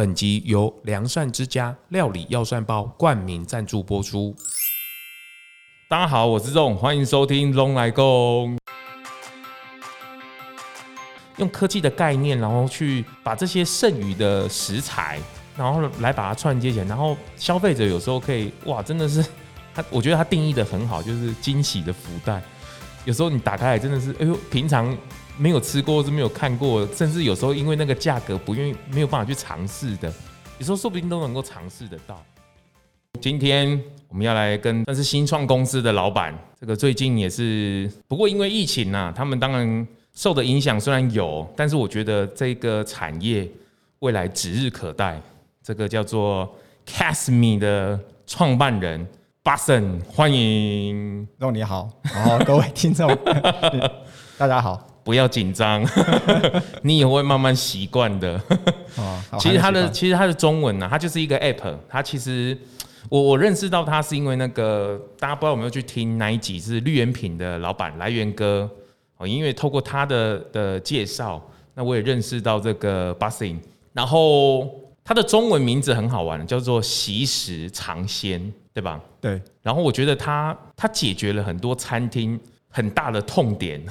本集由良膳之嘉料理藥膳包冠名贊助播出。大家好，我是 Zong，歡迎收聽嚨來共。用科技的概念，然後去把這些剩餘的食材，然後來把它串接起來，然後消費者有時候可以哇，真的是他，我覺得他定義的很好，就是驚喜的福袋。有時候你打開來，真的是哎呦，平常。沒有吃過，或是沒有看過，甚至有時候因為那個價格不願意，沒有辦法去嘗試的，有時候說不定都能夠嘗試得到。今天我們要來跟，但是新創公司的老板，這個最近也是，不過因為疫情啊，他們當然受的影響雖然有，但是我覺得這個產業未來指日可待。這個叫做 Tasteme 的創辦人 Barson 歡迎，n o 你好，然後，哦，各位聽眾 大家好。不要緊張，你也會慢慢習慣的。其實它的其實它的，的中文呢，它就是一個 app。它其實我我認識到它是因為那個大家不知道有沒有去聽那一集是綠源品的老闆來源哥，哦，因為透過他的的介紹，那我也認識到這個 Barson。然後它的中文名字很好玩，叫做“惜食嚐鮮”，對吧？對。然後我覺得它它解決了很多餐廳很大的痛點。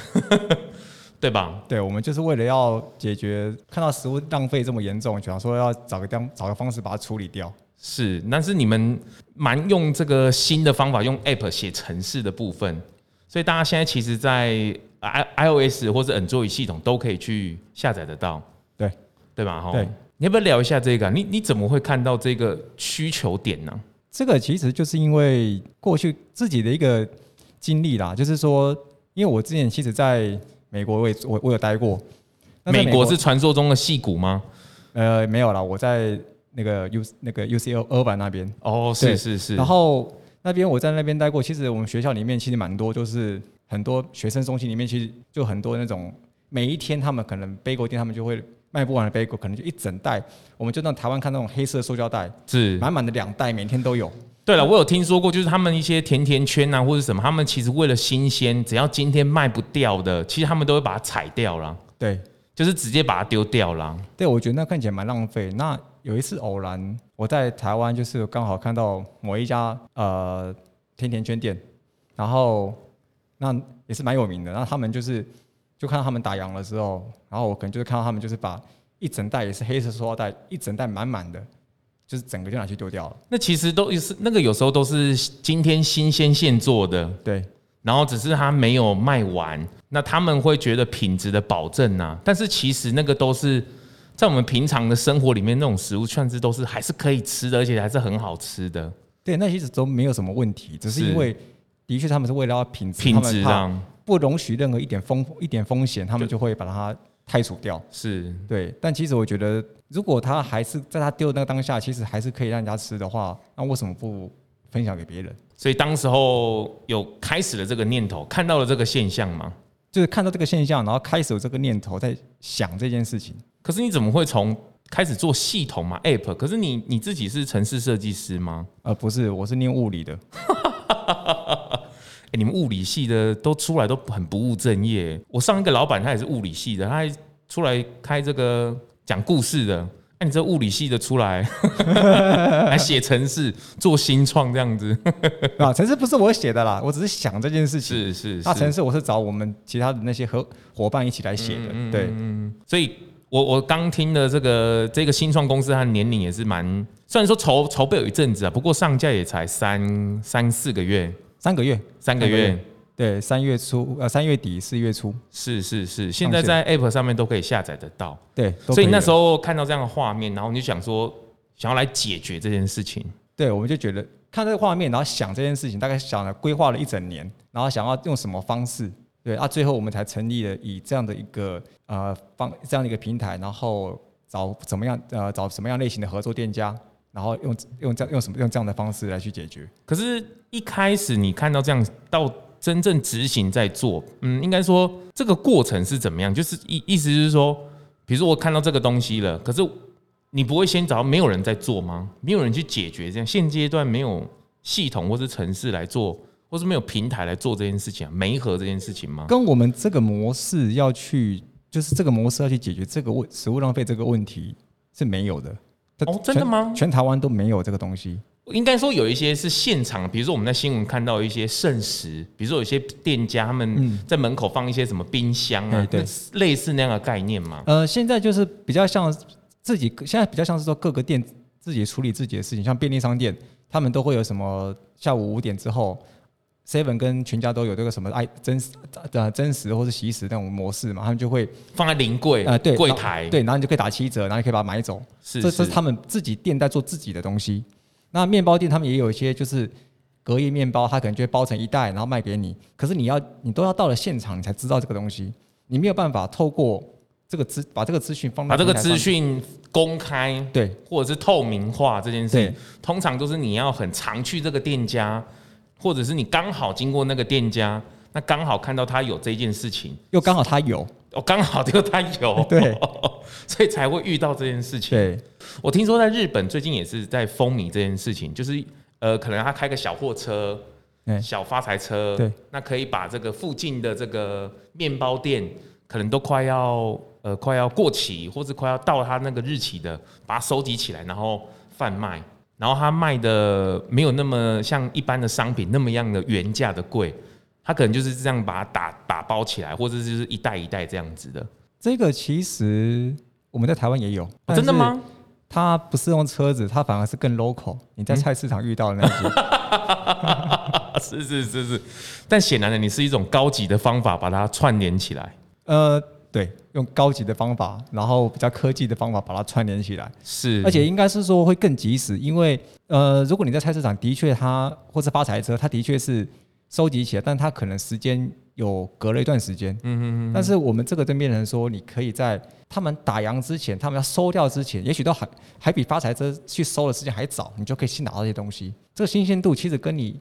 對吧？對，我們就是為了要解決看到食物浪費這麼嚴重，就想說要找個地方找個方式把它處理掉。是，但是你們蠻用這個新的方法，用 App 寫程式的部分，所以大家現在其實，在 i iOS 或者 Android 系統都可以去下載得到。對，對吧？哈，對，你要不要聊一下這個啊？你你怎麼會看到這個需求點呢？這個其實就是因為過去自己的一個經歷啦，就是說，因為我之前其實，在美國我也我我有待過，美國，美國是傳說中的矽谷嗎？呃，沒有啦，我在那個 U 那個 UCLA 版那邊哦，oh, 對是是是，然後那邊我在那邊待過。其實我們學校裡面其實蠻多，就是很多學生中心裡面其實就很多那種，每一天他們可能 Bagel 店他們就會賣不完的 Bagel，可能就一整袋，我們就到台灣看那種黑色塑膠袋，是滿滿的兩袋，每天都有。對了，我有聽說過，就是他們一些甜甜圈啊，或者什麼，他們其實為了新鮮，只要今天賣不掉的，其實他們都會把它踩掉了，對，就是直接把它丟掉了。對，我覺得那看起來蠻浪費。那有一次偶然，我在台灣，就是剛好看到某一家呃甜甜圈店，然後那也是蠻有名的，那他們就是就看到他們打烊了之後，然後我可能就是看到他們就是把一整袋也是黑色塑料袋，一整袋滿滿的。就是整個就拿去丟掉了。那其實都是那個有時候都是今天新鮮現做的，對。然後只是它沒有賣完，那他們會覺得品質的保證啊。但是其實那個都是在我們平常的生活裡面那種食物，甚至都是還是可以吃的，而且還是很好吃的。對，那其實都沒有什麼問題，只是因為是的確他們是為了要品質，品質上不容許任何一點風一點風險，他們就會把它。汰除掉，是對，但其實我覺得，如果他還是在他丟的那個當下，其實還是可以讓人家吃的話，那為什麼不分享給別人？所以當時候有開始了這個念頭，看到了這個現象嗎？就是看到這個現象，然後開始有這個念頭，在想這件事情。可是你怎麼會從開始做系統嘛？App？可是你你自己是程式設計師嗎？呃，不是，我是念物理的。 哎、欸，你們物理系的都出來都很不務正業。我上一個老闆他也是物理系的，他還出來開這個講故事的、啊。按你這物理系的出來來寫程式做新創這樣子啊？程式不是我寫的啦，我只是想這件事情。是是，是，那程式我是找我們其他的那些合夥伴一起來寫的。是是 對、嗯，所以，我我剛聽的這個這個新創公司他的年齡也是蠻，雖然說籌籌備有一陣子啊，不過上架也才三三四個月，三個月。三個月對，對，三月初呃，三月底四月初，是是是，現在在 App 上面都可以下載得到，對，所以那時候看到這樣的畫面，然後你就想說想要來解決這件事情，對，我們就覺得看這個畫面，然後想這件事情，大概想了規劃了一整年，然後想要用什麼方式，對，啊，最後我們才成立了以這樣的一個呃方這樣的一個平台，然後找怎麼樣呃找什麼樣類型的合作店家。然後用用這樣用什麼用這樣的方式來去解決？可是一開始你看到這樣到真正執行在做，嗯，應該說這個過程是怎麼樣？就是意意思就是說，比如說我看到這個東西了，可是你不會先找到沒有人在做嗎？沒有人去解決這樣現階段沒有系統或是程式，來做，或是沒有平台來做這件事情啊？媒合這件事情嗎？跟我們這個模式要去，就是這個模式要去解決這個問食物浪費這個問題是沒有的。.哦，真的嗎？全，全台灣都沒有這個東西。應該說有一些是現場，比如說我們在新聞看到一些剩食，比如說有些店家他們在門口放一些什麼冰箱啊，類似那樣的概念嘛。呃，現在就是比較像自己，現在比較像是說各個店自己處理自己的事情，像便利商店，他們都會有什麼下午五點之後。seven 跟全家都有這個什麼愛真實的真實或是惜食那種模式嘛，他們就會放在臨櫃啊，對，櫃檯對，然後你就可以打七折，然後你可以把它買走。是，這是他們自己店在做自己的東西。那麵包店他們也有一些就是隔夜麵包，他可能就會包成一袋然後賣給你，可是你要你都要到了現場才知道這個東西，你沒有辦法透過這個資把這個資訊放把這個資訊公開，對，或者是透明化這件事，通常都是你要很常去這個店家。或者是你剛好經過那個店家，那剛好看到他有這件事情，又剛好他有，哦，剛好就他有，對、哦，所以才會遇到這件事情。對，我聽說在日本最近也是在風靡這件事情，就是呃，可能他開個小貨車，欸、小發財車，對，那可以把這個附近的這個麵包店，可能都快要呃，快要過期，或者快要到他那個日期的，把它收集起來，然後販賣。然後他賣的沒有那麼像一般的商品那麼樣的原價的貴，他可能就是這樣把它打打包起來，或者就是一袋一袋這樣子的。這個其實我們在台灣也有，真的嗎？他不是用車子，他反而是更 local。你在菜市場遇到的那一種。嗯、 是是是是。但顯然的，你是一種高級的方法把它串聯起來。呃，對。用高級的方法，然後比較科技的方法把它串聯起來，是，而且應該是說會更及時，因為呃，如果你在菜市場的，的確它或是發財車，它的確是收集起來，但它可能時間有隔了一段時間，嗯哼嗯嗯。但是我們這個對面人說，你可以在他們打烊之前，他們要收掉之前，也許都還還比發財車去收的時間還早，你就可以去拿到這些東西。這個新鮮度其實跟你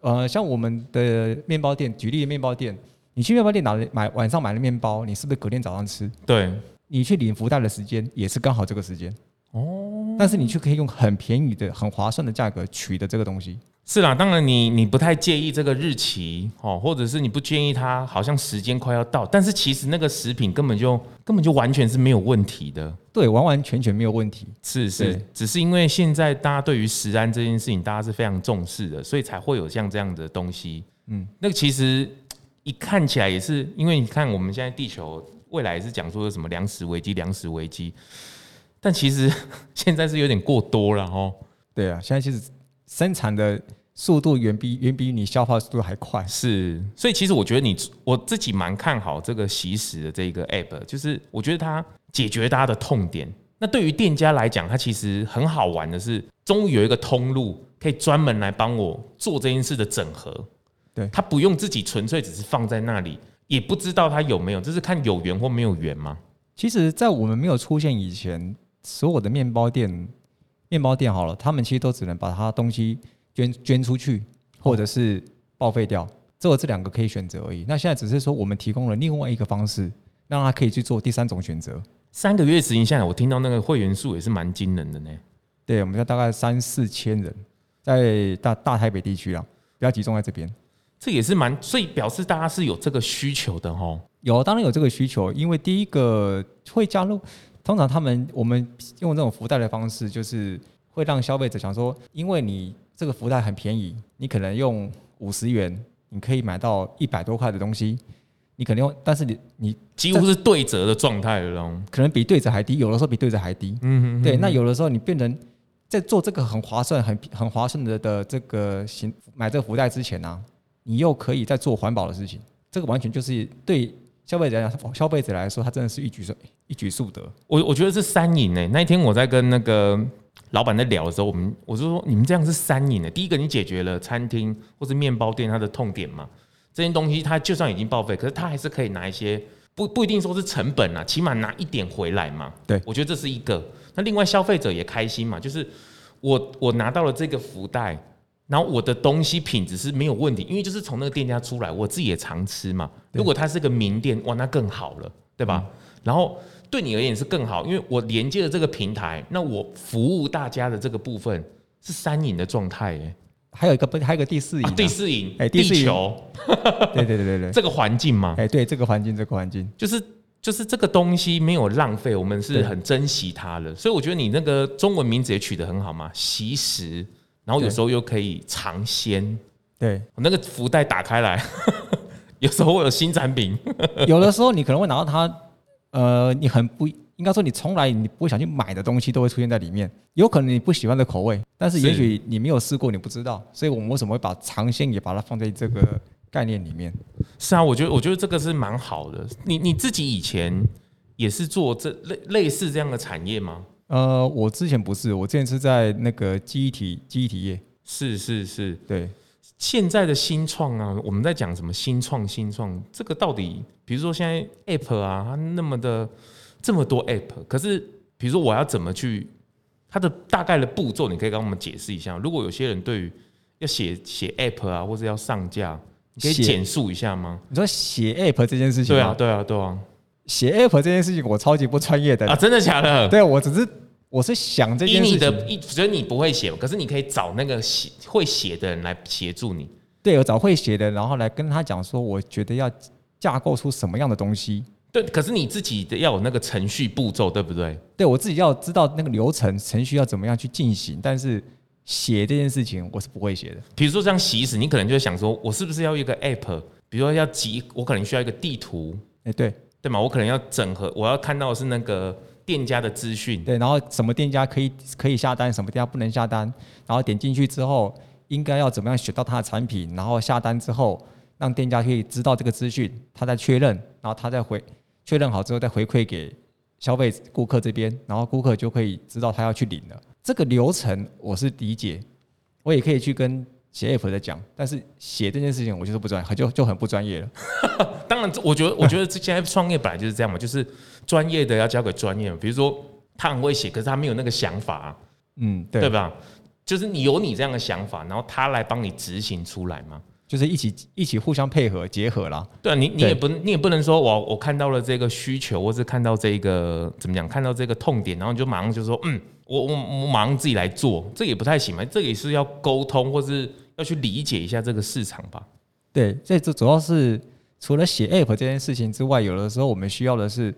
呃，像我們的麵包店，舉例的麵包店。你去麵包店買買晚上買的麵包，你是不是隔天早上吃？對，你去領福袋的時間也是剛好這個時間哦。但是你卻可以用很便宜的、很划算的價格取得這個東西。是啦，當然你你不太介意這個日期哦，或者是你不介意它好像時間快要到，但是其實那個食品根本就根本就完全是沒有問題的。對，完完全全沒有問題。是是，對只是因為現在大家對於食安這件事情大家是非常重視的，所以才會有像這樣的東西。嗯，那個其實。一看起來也是，因為你看我們現在地球未來是講說有什麼糧食危機、糧食危機，但其實現在是有點過多了哦。對啊，現在其實生產的速度遠比遠比你消化速度還快。是，所以其實我覺得你我自己蠻看好這個惜食的這個 app，就是我覺得它解決大家的痛點。那對於店家來講，它其實很好玩的是，終於有一個通路可以專門來幫我做這件事的整合。對，他不用自己純粹只是放在那裡，也不知道他有沒有，這是看有緣或沒有緣嗎？其實，在我們沒有出現以前，所有的麵包店，麵包店好了，他們其實都只能把他東西捐捐出去，或者是報廢掉，只有這兩個可以選擇而已。那現在只是說，我們提供了另外一個方式，讓他可以去做第三種選擇。三個月時間下來，我聽到那個會員數也是蠻驚人的呢。對，我們家大概三四千人，在大大台北地區啊，比較集中在這邊。這也是蠻，所以表示大家是有這個需求的吼？哦，有，當然有這個需求，因為第一個會加入，通常他們我們用這種福袋的方式，就是會讓消費者想說，因為你這個福袋很便宜，你可能用五十元，你可以買到一百多塊的東西，你可能用，但是你你幾乎是對折的狀態的那種，嗯、可能比對折還低，有的時候比對折還低。嗯嗯。對，那有的時候你變成在做這個很划算，很很划算的的這個行買這個福袋之前呢，啊？你又可以在做環保的事情，這個完全就是對消費者來講，消費者來說，他真的是一舉數、一舉數得我。我我覺得是三贏誒。那一天我在跟那個老闆在聊的時候，我們我就說，你們這樣是三贏的。第一個，你解決了餐廳或是麵包店它的痛點嘛，這件東西它就算已經報廢，可是它還是可以拿一些不不一定說是成本啊，起碼拿一點回來嘛。對，我覺得這是一個。那另外消費者也開心嘛，就是我我拿到了這個福袋。然後我的東西品質是沒有問題，因為就是從那個店家出來，我自己也常吃嘛。對如果它是一個名店，哇，那更好了，對吧？嗯、然後對你而言是更好，因為我連接了這個平台，那我服務大家的這個部分是三贏的狀態、欸，耶。還有一個不，還有個第四贏、啊啊，第四贏，哎、第四地球，對對對對對， 這個環境嘛，哎，對這個環境，這個環境，就是就是這個東西沒有浪費，我們是很珍惜它的，對所以我覺得你那個中文名字也取得很好嘛，惜食然後有時候又可以嘗鮮，對，對，我那個福袋打開來， 有時候會有新產品。 有的時候你可能會拿到它，呃，你很不應該說你從來你不會想去買的東西都會出現在裡面。有可能你不喜歡的口味，但是也許你沒有試過，你不知道。所以我們為什麼會把嘗鮮也把它放在這個概念裡面？是啊，我覺得我覺得這個是蠻好的你。你你自己以前也是做這類類似這樣的產業嗎？呃，我之前不是，我之前是在那個記憶體、記憶體業。是是是，是是對。現在的新創啊，我們在講什麼新創？新創這個到底，比如說現在 App 啊，它那麼的這麼多 App，可是比如說我要怎麼去，它的大概的步驟，你可以跟我們解釋一下。如果有些人對於要寫寫 App 啊，或者要上架，寫你可以簡述一下嗎？你說寫 App 這件事情啊。對啊，對啊，對啊。寫 app 這件事情，我超級不專業的啊！真的假的？對，我只是我是想這件事情。所以你、就是、你不會寫，可是你可以找那個寫會寫的人來協助你。對，我找會寫的人，然後來跟他講說，我覺得要架構出什麼樣的東西。對，可是你自己的要有那個程序步驟，對不對？對我自己要知道那個流程程序要怎麼樣去進行。但是寫這件事情，我是不會寫的。比如說像惜食，你可能就想說，我是不是要一個 app？比如說要集，我可能需要一個地圖。誒、欸，對。對嘛，我可能要整合，我要看到是那個店家的資訊，對，然後什麼店家可以可以下單，什麼店家不能下單，然後點進去之後，應該要怎麼樣選到他的產品，然後下單之後，讓店家可以知道這個資訊，他再確認，然後他再回確認好之後再回饋給消費顧客這邊，然後顧客就可以知道他要去領了。這個流程我是理解，我也可以去跟寫 F 在講，但是寫這件事情我就是不專，就就很不專業了。 當然我，我覺得我覺得現在創業本來就是這樣嘛， 就是專業的要交給專業。比如說他很會寫，可是他沒有那個想法、啊，嗯，對，對吧？就是你有你這樣的想法，然後他來幫你執行出來嘛，就是一起一起互相配合結合了對啊，你你也不對你也不能說我我看到了這個需求，或是看到這個怎麼樣看到這個痛點，然後你就馬上就說嗯，我我我馬上自己來做，這也不太行嘛，這也是要溝通或是。要去理解一下這個市場吧。對，這這主要是除了寫 App 這件事情之外，有的時候我們需要的是，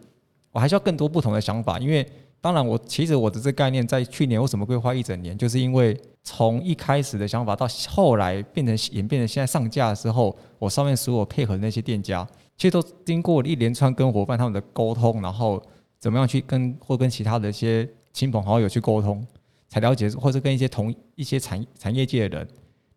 我還需要更多不同的想法。因為，當然我，我其實我的這個概念在去年為什麼規劃一整年，就是因為從一開始的想法到後來變成演變成現在上架之後，我上面所有配合的那些店家，其實都經過一連串跟夥伴他們的溝通，然後怎麼樣去跟或跟其他的一些親朋好友去溝通，才了解或者跟一些同一些產產業界的人。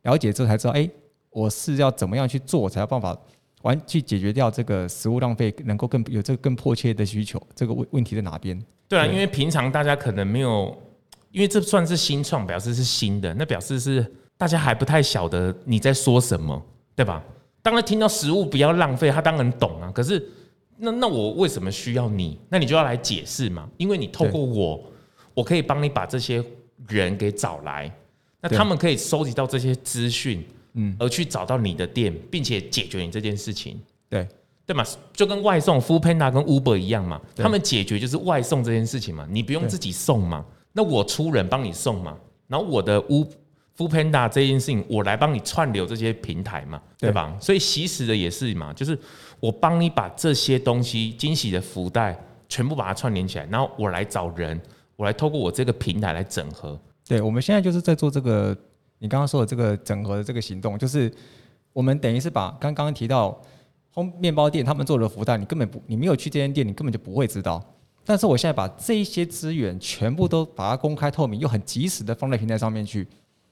了解之後才知道，哎、欸，我是要怎麼樣去做，才有辦法完去解決掉這個食物浪費，能夠更有這個更迫切的需求。這個問問題在哪邊？對啊，對，因為平常大家可能沒有，因為這算是新創，表示是新的，那表示是大家還不太曉得你在說什麼，對吧？當他聽到食物不要浪費，他當然懂啊。可是那那我為什麼需要你？那你就要來解釋嘛，因為你透過我，對我可以幫你把這些人給找來。那他們可以收集到這些資訊，嗯，而去找到你的店，並且解決你這件事情，嗯、對，對嘛，就跟外送、Foodpanda 跟 Uber 一樣嘛，他們解決就是外送這件事情嘛，你不用自己送嘛，那我出人幫你送嘛，然後我的烏 Foodpanda 這件事情，我來幫你串流這些平台嘛，對吧？所以其實的也是嘛，就是我幫你把這些東西驚喜的福袋全部把它串聯起來，然後我來找人，我來透過我這個平台來整合。對，我們現在就是在做這個，你剛剛說的這個整合的這個行動，就是我們等於是把剛剛提到烘麵包店他們做的福袋，你根本不你沒有去這間店，你根本就不會知道。但是我現在把這些資源全部都把它公開透明，又很及時的放在平台上面去，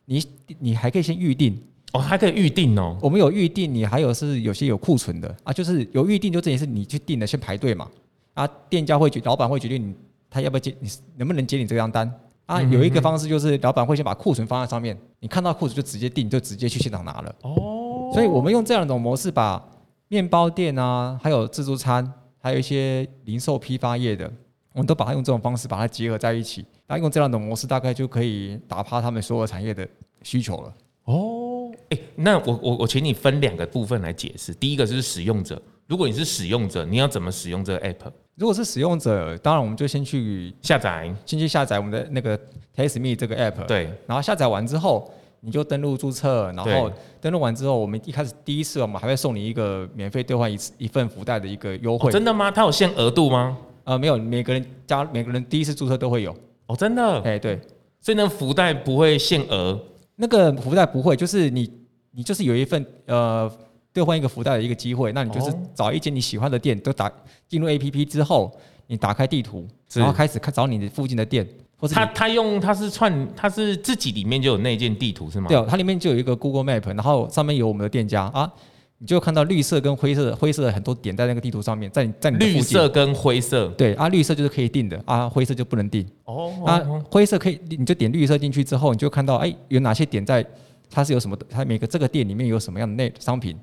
你你還可以先預定哦，還可以預定哦。我們有預定，你還有是有些有庫存的啊，就是有預定就這也是你去訂的，先排隊嘛。啊，店家會決老闆會決定你他要不要接你，能不能接你這張單。啊，有一個方式就是老闆會先把庫存放在上面，你看到庫存就直接訂，就直接去現場拿了。哦，所以我們用這樣一種模式，把麵包店啊，還有自助餐，還有一些零售批發業的，我們都把它用這種方式把它結合在一起。那用這樣一種模式，大概就可以打趴他們所有產業的需求了。哦，哎、欸，那我我我請你分兩個部分來解釋，第一個就是使用者。如果你是使用者，你要怎麼使用這個 app？如果是使用者，當然我們就先去下載，先去下載我們的那個 Tasteme 這個 app。對，然後下載完之後，你就登錄注冊，然後登錄完之後，我們一開始第一次，我們還會送你一個免費兌換一次一份福袋的一個優惠。哦，真的嗎？它有限額度嗎？呃，沒有，每個人加，每個人第一次注冊都會有。哦，真的？哎、欸，對。所以呢，福袋不會限額，那個福袋不會，就是你，你就是有一份，呃。兌換一個福袋的一個機會，那你就是找一間你喜歡的店，哦、都打進入 APP 之後，你打開地圖，是然後開始看找你附近的店，或者他他用他是串他是自己裡面就有那件地圖是嗎？對哦、它裡面就有一個 Google Map，然後上面有我們的店家啊，你就看到綠色跟灰色灰色很多點在那個地圖上面，在在你的綠色跟灰色對啊，綠色就是可以訂的啊，灰色就不能訂哦，哦，哦啊，灰色可以你就點綠色進去之後，你就看到哎有哪些點在它是有什麼它每個這個店裡面有什麼樣的那商品。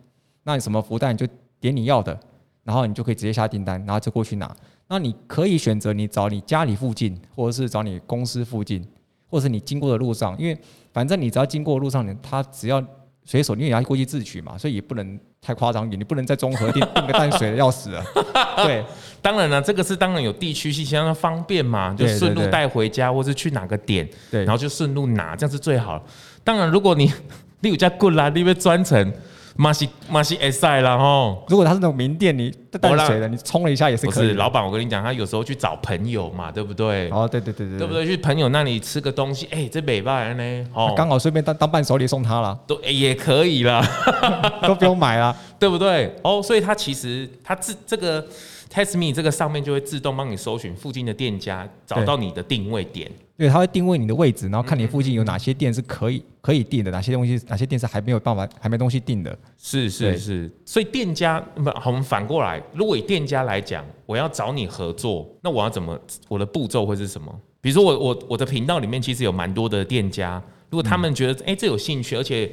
那你什麼福袋你就點你要的，然後你就可以直接下訂單，然後就過去拿。那你可以選擇你找你家裡附近，或者是找你公司附近，或者是你經過的路上，因為反正你只要經過的路上，你他只要隨手你也要過去自取嘛，所以也不能太誇張一點，你不能在綜合店訂 個淡水的要死了。 對，當然了、啊，這個是當然有地區性，相當方便嘛，就順路帶回家，或是去哪個點，對，對，然後就順路拿，這樣是最好。當然，如果你 good l 叫滾啦，你有專程。你馬西馬西哎塞了哈！如果他是那種名店，你帶水的，哦、你衝了一下也是可以是。老闆，我跟你講，他有時候去找朋友嘛，對不對？哦，對對對對，對，對不對？去朋友那裡吃個東西，哎、欸，這美巴呢？哦，剛好順便當、哦、當伴手禮送他了，都、欸、也可以了， 都不用買了， 對不對？哦，所以他其實他這這個。Tasteme，這個上面就會自動幫你搜尋附近的店家，找到你的定位點。對，因為他會定位你的位置，然後看你附近有哪些店是可以嗯嗯嗯可以訂的，哪些東西，哪些店是還沒有辦法還沒東西訂的。是是是，是對所以店家不，我們反過來，如果以店家來講，我要找你合作，那我要怎麼，我的步驟會是什麼？比如說我我我的頻道裡面其實有蠻多的店家，如果他們覺得哎、嗯欸、這有興趣，而且。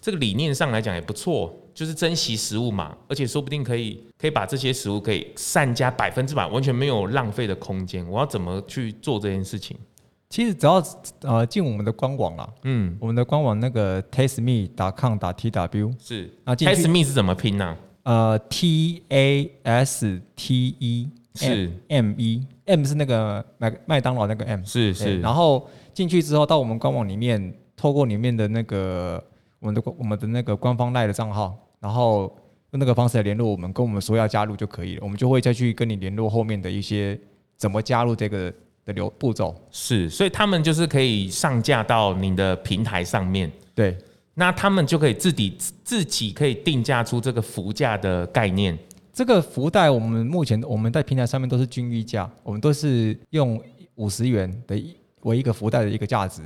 這個理念上來講也不錯，就是珍惜食物嘛，而且說不定可以可以把這些食物可以善加百分之百，完全沒有浪費的空間。我要怎麼去做這件事情？其實只要呃進我們的官網了，嗯，我們的官網那個 Tasteme 打 com 打 t w 是啊，Tasteme 是怎麼拼呢？呃，t a s t e 是 m e m 是那個麥麥當勞那個 m 是是，然後進去之後到我們官網裡面，透過裡面的那個。我們的我們的那個官方 LINE 的賬號，然後用那個方式來聯絡我們，跟我們說要加入就可以了，我們就會再去跟你聯絡後面的一些怎麼加入這個的流步驟。是，所以他們就是可以上架到您的平台上面。對、嗯，那他們就可以自己自己可以定價出這個福價的概念。這個福袋我們目前我們在平台上面都是均一價，我們都是用五十元的一為一個福袋的一個價值。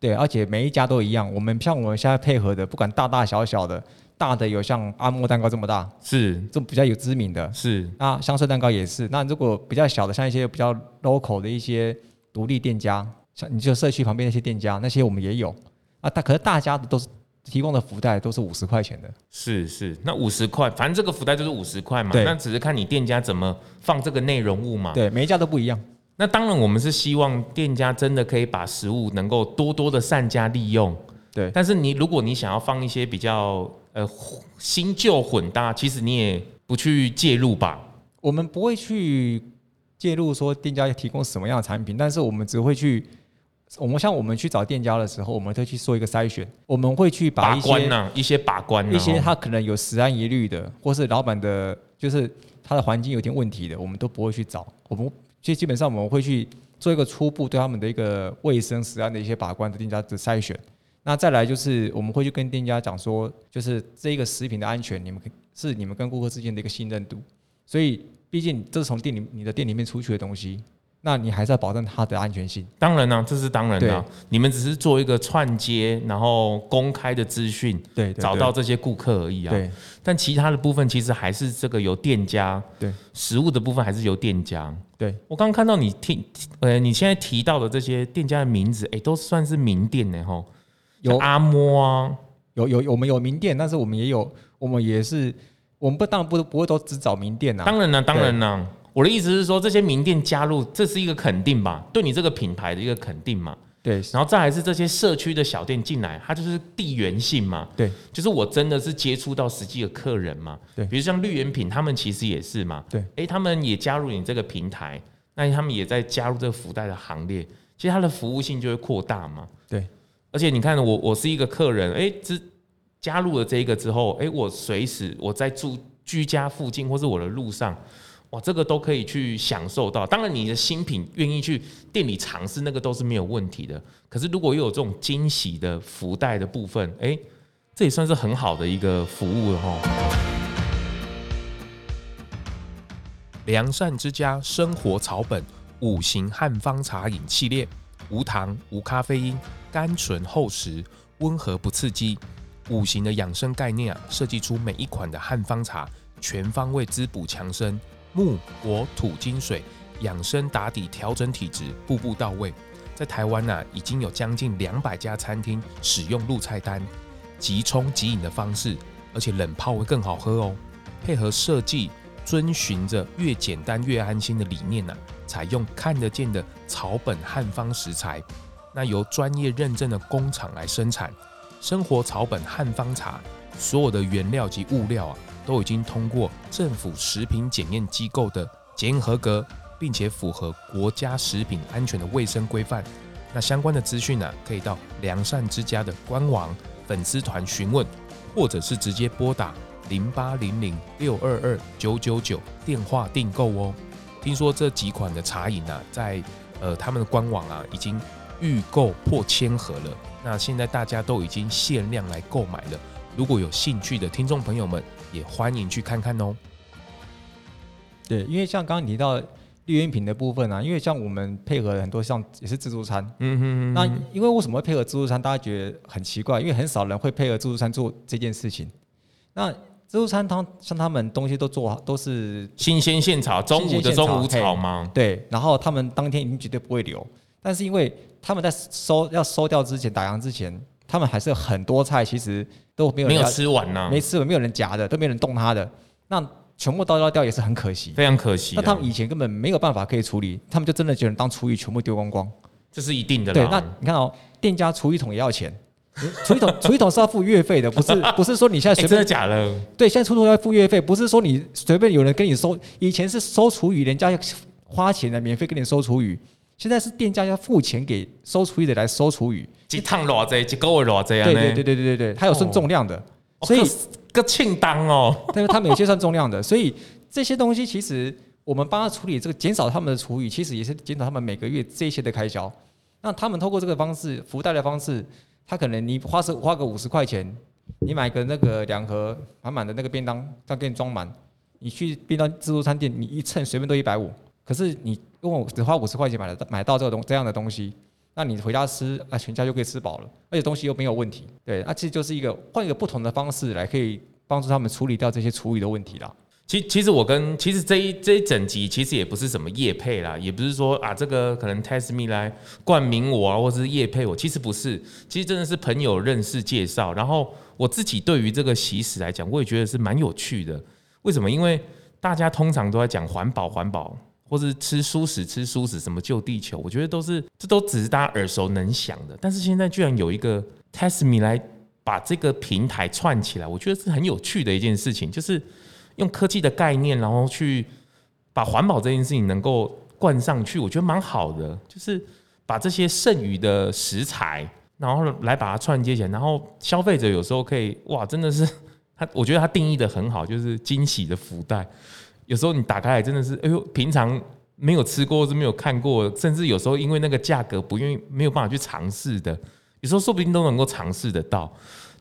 對，而且每一家都一樣。我們像我們現在配合的，不管大大小小的，大的有像阿莫蛋糕這麼大，是，這比較有知名的，是。啊，香水蛋糕也是。那如果比較小的，像一些比較 local 的一些獨立店家，像你就社區旁邊那些店家，那些我們也有。啊，但可是大家的都是提供的福袋都是五十塊錢的。是是，那五十塊，反正這個福袋就是五十塊嘛。對。那只是看你店家怎麼放這個內容物嘛。對，每一家都不一樣。那當然，我們是希望店家真的可以把食物能夠多多的善加利用。對，但是你如果你想要放一些比較呃新舊混搭，其實你也不去介入吧。我們不會去介入說店家要提供什麼樣的產品，但是我們只會去，我們像我們去找店家的時候，我們會去做一個篩選，我們會去把一些把關、啊、一些把關、啊，一些他可能有食安疑慮的，或是老闆的，哦、就是他的環境有點問題的，我們都不會去找我們。所以基本上我們會去做一個初步對他們的一個衛生、食安的一些把關的店家的篩選。那再來就是我們會去跟店家講說，就是這一個食品的安全，你們是你們跟顧客之間的一個信任度。所以畢竟這是從店裡你的店裡面出去的東西。那你還是要保證它的安全性？當然呢、啊，這是當然的。對你們只是做一個串接，然後公開的資訊，對，對，對，找到這些顧客而已啊。對。但其他的部分其實還是這個有店家，對，食物的部分還是有店家。對，我剛剛看到你聽，呃，你現在提到的這些店家的名字，哎、欸，都算是名店呢、欸、吼有、啊，有阿嬤，有有有我們有名店，但是我們也有，我們也是，我們不當不不會都只找名店吶、啊啊。當然了、啊，當然了。我的意思是說，這些名店加入，這是一個肯定吧？對你這個品牌的一個肯定嘛？對。然後再來是這些社區的小店進來，它就是地緣性嘛？對。就是我真的是接觸到實際的客人嘛？對。比如像綠源品，他們其實也是嘛？對。哎，他們也加入你這個平台，那他們也在加入這個福袋的行列，其實它的服務性就會擴大嘛？對。而且你看我，我我是一個客人，哎，這加入了這一個之後，哎，我隨時我在住居家附近，或是我的路上。哇，這個都可以去享受到。當然，你的新品願意去店裡嘗試，那個都是沒有問題的。可是，如果又有這種驚喜的福袋的部分，哎、欸，這也算是很好的一個服務了哈。良膳之嘉生活草本五行漢方茶飲系列，無糖、無咖啡因，甘醇厚實，溫和不刺激。五行的養生概念啊，設計出每一款的漢方茶，全方位滋補強身。木、火、土、金、水，養生打底，調整體質，步步到位。在台灣啊，已經有將近兩百家餐廳使用露菜單，即沖即飲的方式，而且冷泡會更好喝哦。配合設計，遵循着越簡單越安心的理念吶、啊，採用看得見的草本漢方食材，那由專業認證的工廠來生產生活草本漢方茶，所有的原料及物料啊。都已經通過政府食品檢驗機構的檢驗合格，並且符合國家食品安全的衛生規範。那相關的資訊呢、啊，可以到良膳之嘉的官網粉絲團詢問，或者是直接撥打零八零零六二二九九九電話訂購哦。聽說這幾款的茶飲呢、啊，在呃他們的官網啊已經預購破千盒了。那現在大家都已經限量來購買了。如果有興趣的聽眾朋友們，也歡迎去看看哦。對，因為像剛剛提到綠雲品的部分啊，因為像我們配合很多像也是自助餐，嗯哼嗯嗯。那因為為什麼會配合自助餐，大家覺得很奇怪，因為很少人會配合自助餐做這件事情。那自助餐，他像他們東西都做好，都是新鮮現炒，中午的中午炒嘛。嘿對，然後他們當天一定絕對不會留。但是因為他們在收要收掉之前，打烊之前，他們還是有很多菜，其實。都沒有,人來沒有吃完呢、啊，沒吃完，沒有人夾的，都沒有人動他的，那全部倒掉掉也是很可惜，非常可惜。那他們以前根本沒有辦法可以處理，他們就真的只能當廚餘全部丟光光，這是一定的。對，那你看哦，店家廚餘桶也要錢，廚餘桶廚餘 桶是要付月費的，不是不是說你現在隨便、 欸、的假了。對，現在廚桶要付月費，不是說你隨便有人跟你收。以前是收廚餘，人家花錢的，免費給你收廚餘。現在是店家要付錢給收廚餘的來收廚餘，幾為趟垃圾，幾夠垃圾啊？對對對對對對，還有算重量的，哦哦所以個稱、哦、當哦。但是他們有些算重量的， 所以這些東西其實我們幫他處理這個，減少他們的廚餘，其實也是減少他們每個月這些的開銷。那他們通過這個方式，福袋的方式，他可能你花十五花個五十塊錢，你買個那個兩盒滿滿的那個便當，他給你裝滿，你去便當自助餐店，你一稱隨便都一百五。可是你因為我只花五十塊錢買了買到這個東這樣的東西，那你回家吃啊，全家就可以吃飽了，而且東西又沒有問題，對，那、啊、其實就是一個換一個不同的方式來可以幫助他們處理掉這些廚餘的問題啦。其實其實我跟其實這一這一整集其實也不是什麼業配啦，也不是說啊這個可能 Tasteme 來冠名我啊，或者是業配我，其實不是，其實真的是朋友認識介紹，然後我自己對於這個惜食來講，我也覺得是蠻有趣的。為什麼？因為大家通常都在講環保，環保。或是吃蔬食，吃蔬食什麼救地球？我覺得都是這都只是大家耳熟能詳的。但是現在居然有一個 Tasteme 來把這個平台串起來，我覺得是很有趣的一件事情。就是用科技的概念，然後去把環保這件事情能夠灌上去，我覺得蠻好的。就是把這些剩餘的食材，然後來把它串接起來，然後消費者有時候可以哇，真的是他，我覺得他定義的很好，就是驚喜的福袋。有時候你打開來真的是，哎呦，平常沒有吃過或是沒有看過，甚至有時候因為那個價格不願意，沒有辦法去嘗試的，有時候說不定都能夠嘗試得到。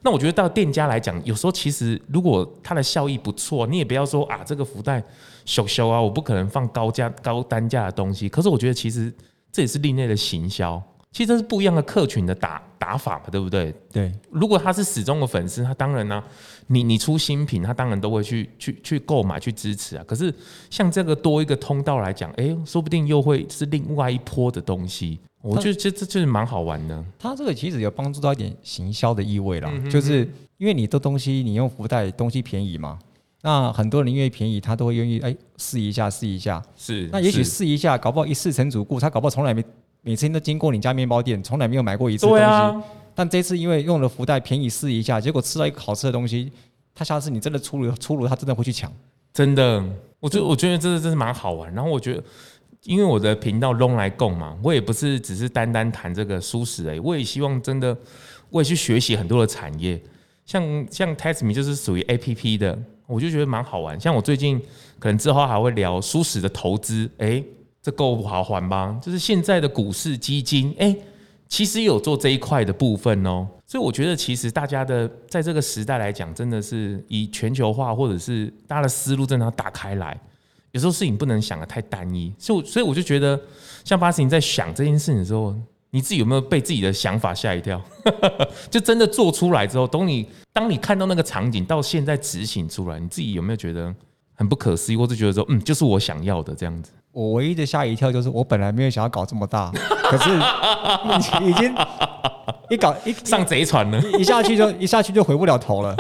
那我覺得到店家來講，有時候其實如果它的效益不錯，你也不要說啊這個福袋小小啊，我不可能放高價高單價的東西。可是我覺得其實這也是另類的行銷。其實這是不一樣的客群的打打法嘛，對不對？對，如果他是死忠的粉絲，他當然呢、啊，你你出新品，他當然都會去去去購買去支持啊。可是像這個多一個通道來講，誒，說不定又會是另外一波的東西。我覺得這它這，這，這就是蠻好玩的。它這個其實有幫助到一點行銷的意味啦，嗯、哼哼就是因為你的東西你用福袋，東西便宜嘛，那很多人因為便宜，他都會願意誒試一下試一下。試一下試一下是，那也許試一下，是搞不好一試成主顧，他搞不好從來沒。每天都經過你家麵包店，從來沒有買過一次東西。對啊，但這次因為用了福袋，便宜試一下，結果吃到一個好吃的東西。他下次你真的出爐出爐，他真的會去搶。真的，我覺我覺得這這蠻好玩。然後我覺得，因為我的頻道嚨來共嘛，我也不是只是單單談這個蔬食誒，我也希望真的，我也去學習很多的產業。像像 Tasteme 就是屬於 APP 的，我就覺得蠻好玩。像我最近可能之後還會聊蔬食的投資誒。欸這夠不好還嗎？就是現在的股市基金，哎、欸，其實也有做這一塊的部分哦、喔。所以我覺得，其實大家的在這個時代來講，真的是以全球化，或者是大家的思路正常打開來。有時候事情不能想得太單一，所以所以我就覺得，像巴森你在想這件事情的時候，你自己有沒有被自己的想法嚇一跳？ 就真的做出來之後，等你當你看到那個場景，到現在執行出來，你自己有沒有覺得很不可思議，或者覺得說，嗯，就是我想要的這樣子？我唯一的嚇一跳就是，我本來沒有想要搞這麼大，可是已經一搞一 上賊船了，一下去就一下去就回不了頭了。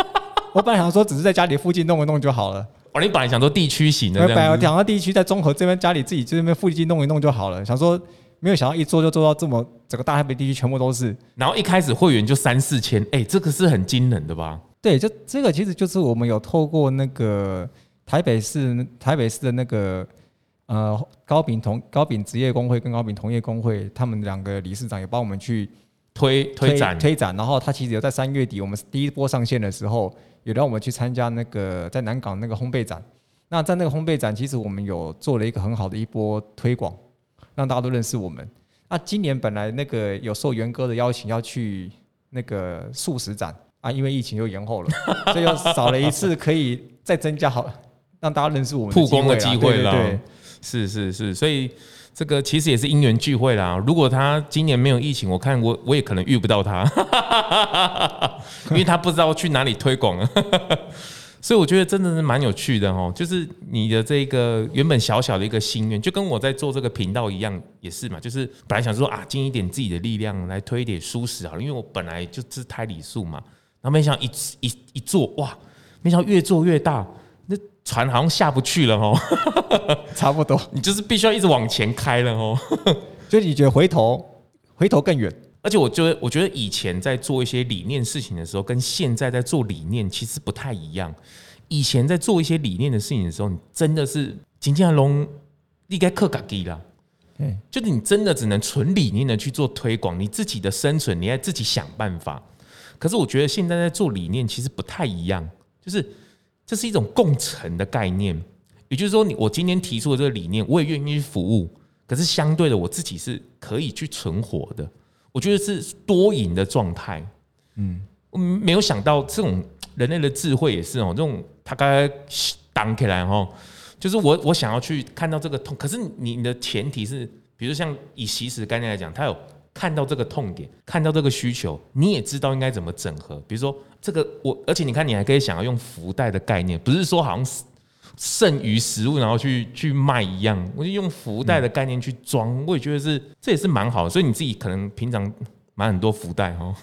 我本來想說，只是在家裡附近弄一弄就好了。哦，你本來想說地區型的，本來想做地區，在中和這邊家裡自己這邊附近弄一弄就好了。想說，沒有想到一做就做到這麼整個大台北地區全部都是。然後一開始會員就三四千，哎，這個是很驚人的吧？對，就這個其實就是我們有透過那個台北市，台北市的那個。呃，糕餅同糕餅職業公會跟糕餅同業公會，他們兩個理事長也幫我們去推推展推，推展。然後他其實有在三月底，我們第一波上線的時候，也讓我們去參加那個在南港那個烘焙展。那在那個烘焙展，其實我們有做了一個很好的一波推廣，讓大家都認識我們，啊。那今年本來那個有受元哥的邀請要去那個素食展啊，因為疫情又延後了， 所以又少了一次可以再增加好讓大家認識我們曝光的機會啦。是是是，所以這個其實也是因緣聚會啦。如果他今年沒有疫情，我看我我也可能遇不到他， 因為他不知道去哪裡推廣 所以我覺得真的是蠻有趣的哦，就是你的這個原本小小的一個心願，就跟我在做這個頻道一樣，也是嘛。就是本來想說啊，盡一點自己的力量來推一點蔬食好了，因為我本來就是胎裡素嘛。然後沒想到一一一做哇，沒想到越做越大。船好像下不去了哦，差不多， 你就是必須要一直往前開了哦，就你覺得回頭，回頭更遠，而且我覺得我覺得以前在做一些理念事情的時候，跟現在在做理念其實不太一樣。以前在做一些理念的事情的時候，你真的是緊緊要弄立該克嘎地了，啦嗯，就是你真的只能純理念的去做推廣，你自己的生存你要自己想辦法。可是我覺得現在在做理念其實不太一樣，就是。這是一種共存的概念，也就是說，你我今天提出的這個理念，我也願意去服務。可是相對的，我自己是可以去存活的。我覺得是多贏的狀態。嗯，嗯，我沒有想到這種人類的智慧也是哦、喔。這種他剛剛擋起來哈，就是我我想要去看到這個痛，可是你，你的前提是，比如像以惜食的概念來講，他有看到這個痛點，看到這個需求，你也知道應該怎麼整合，比如說。這個我，而且你看，你還可以想要用福袋的概念，不是說好像剩餘食物然後去去賣一樣，我就用福袋的概念去裝，我也覺得是這也是蠻好的，所以你自己可能平常買很多福袋哦？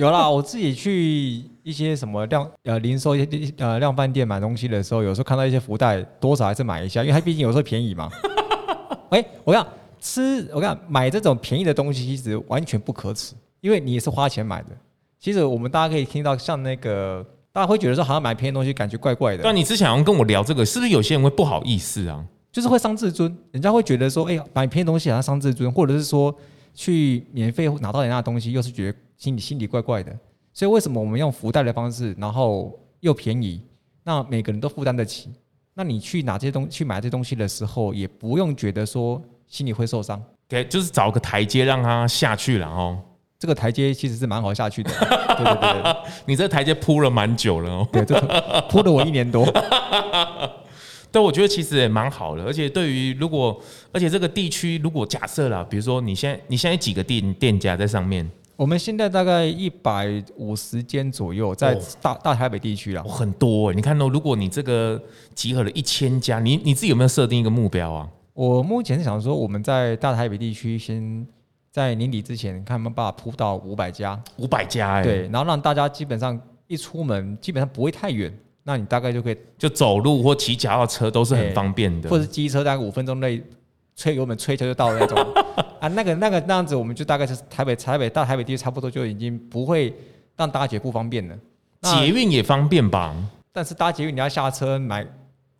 有啦，我自己去一些什麼量呃零售一些呃量販店買東西的時候，有時候看到一些福袋，多少還是買一下，因為它畢竟有時候便宜嘛。哎，我跟你講，吃，我跟你講，買這種便宜的東西，其實完全不可恥，因為你是花錢買的。其實我們大家可以聽到，像那個大家會覺得說，好像買便宜東西感覺怪怪的。但你只想要跟我聊這個，是不是有些人會不好意思啊？就是會傷自尊，人家會覺得說，哎、欸，買便宜東西好像傷自尊，或者是說去免費拿到人家東西，又是覺得心裡心裡怪怪的。所以為什麼我們用福袋的方式，然後又便宜，那每個人都負擔得起。那你去拿這些東去買這些東西的時候，也不用覺得說心裡會受傷，給、okay, 就是找個台階讓它下去，然後。這個台階其實是蠻好下去的， 對對對，對，你這個台階鋪了蠻久了哦，對，鋪了我一年多 對，但我覺得其實也蠻好的，而且對於如果，而且這個地區如果假設啦，比如說你現在，你現在幾個店店家在上面？我們現在大概一百五十間左右，在大、哦、大台北地區啦、哦，很多哎、欸，你看到、哦，如果你這個集合了一千家，你你自己有沒有設定一個目標啊？我目前是想說，我們在大台北地區先。在年底之前，看能不能把它鋪到五百家，五百家哎、欸，對，然後讓大家基本上一出門，基本上不會太遠，那你大概就可以就走路或騎腳踏車都是很方便的，欸、或者機車在五分鐘內催油門催車就到了那種 啊，那個那個那樣子，我們就大概就是台北台北大台北地區差不多就已經不會讓大家覺得不方便了，捷運也方便吧？但是搭捷運你要下車買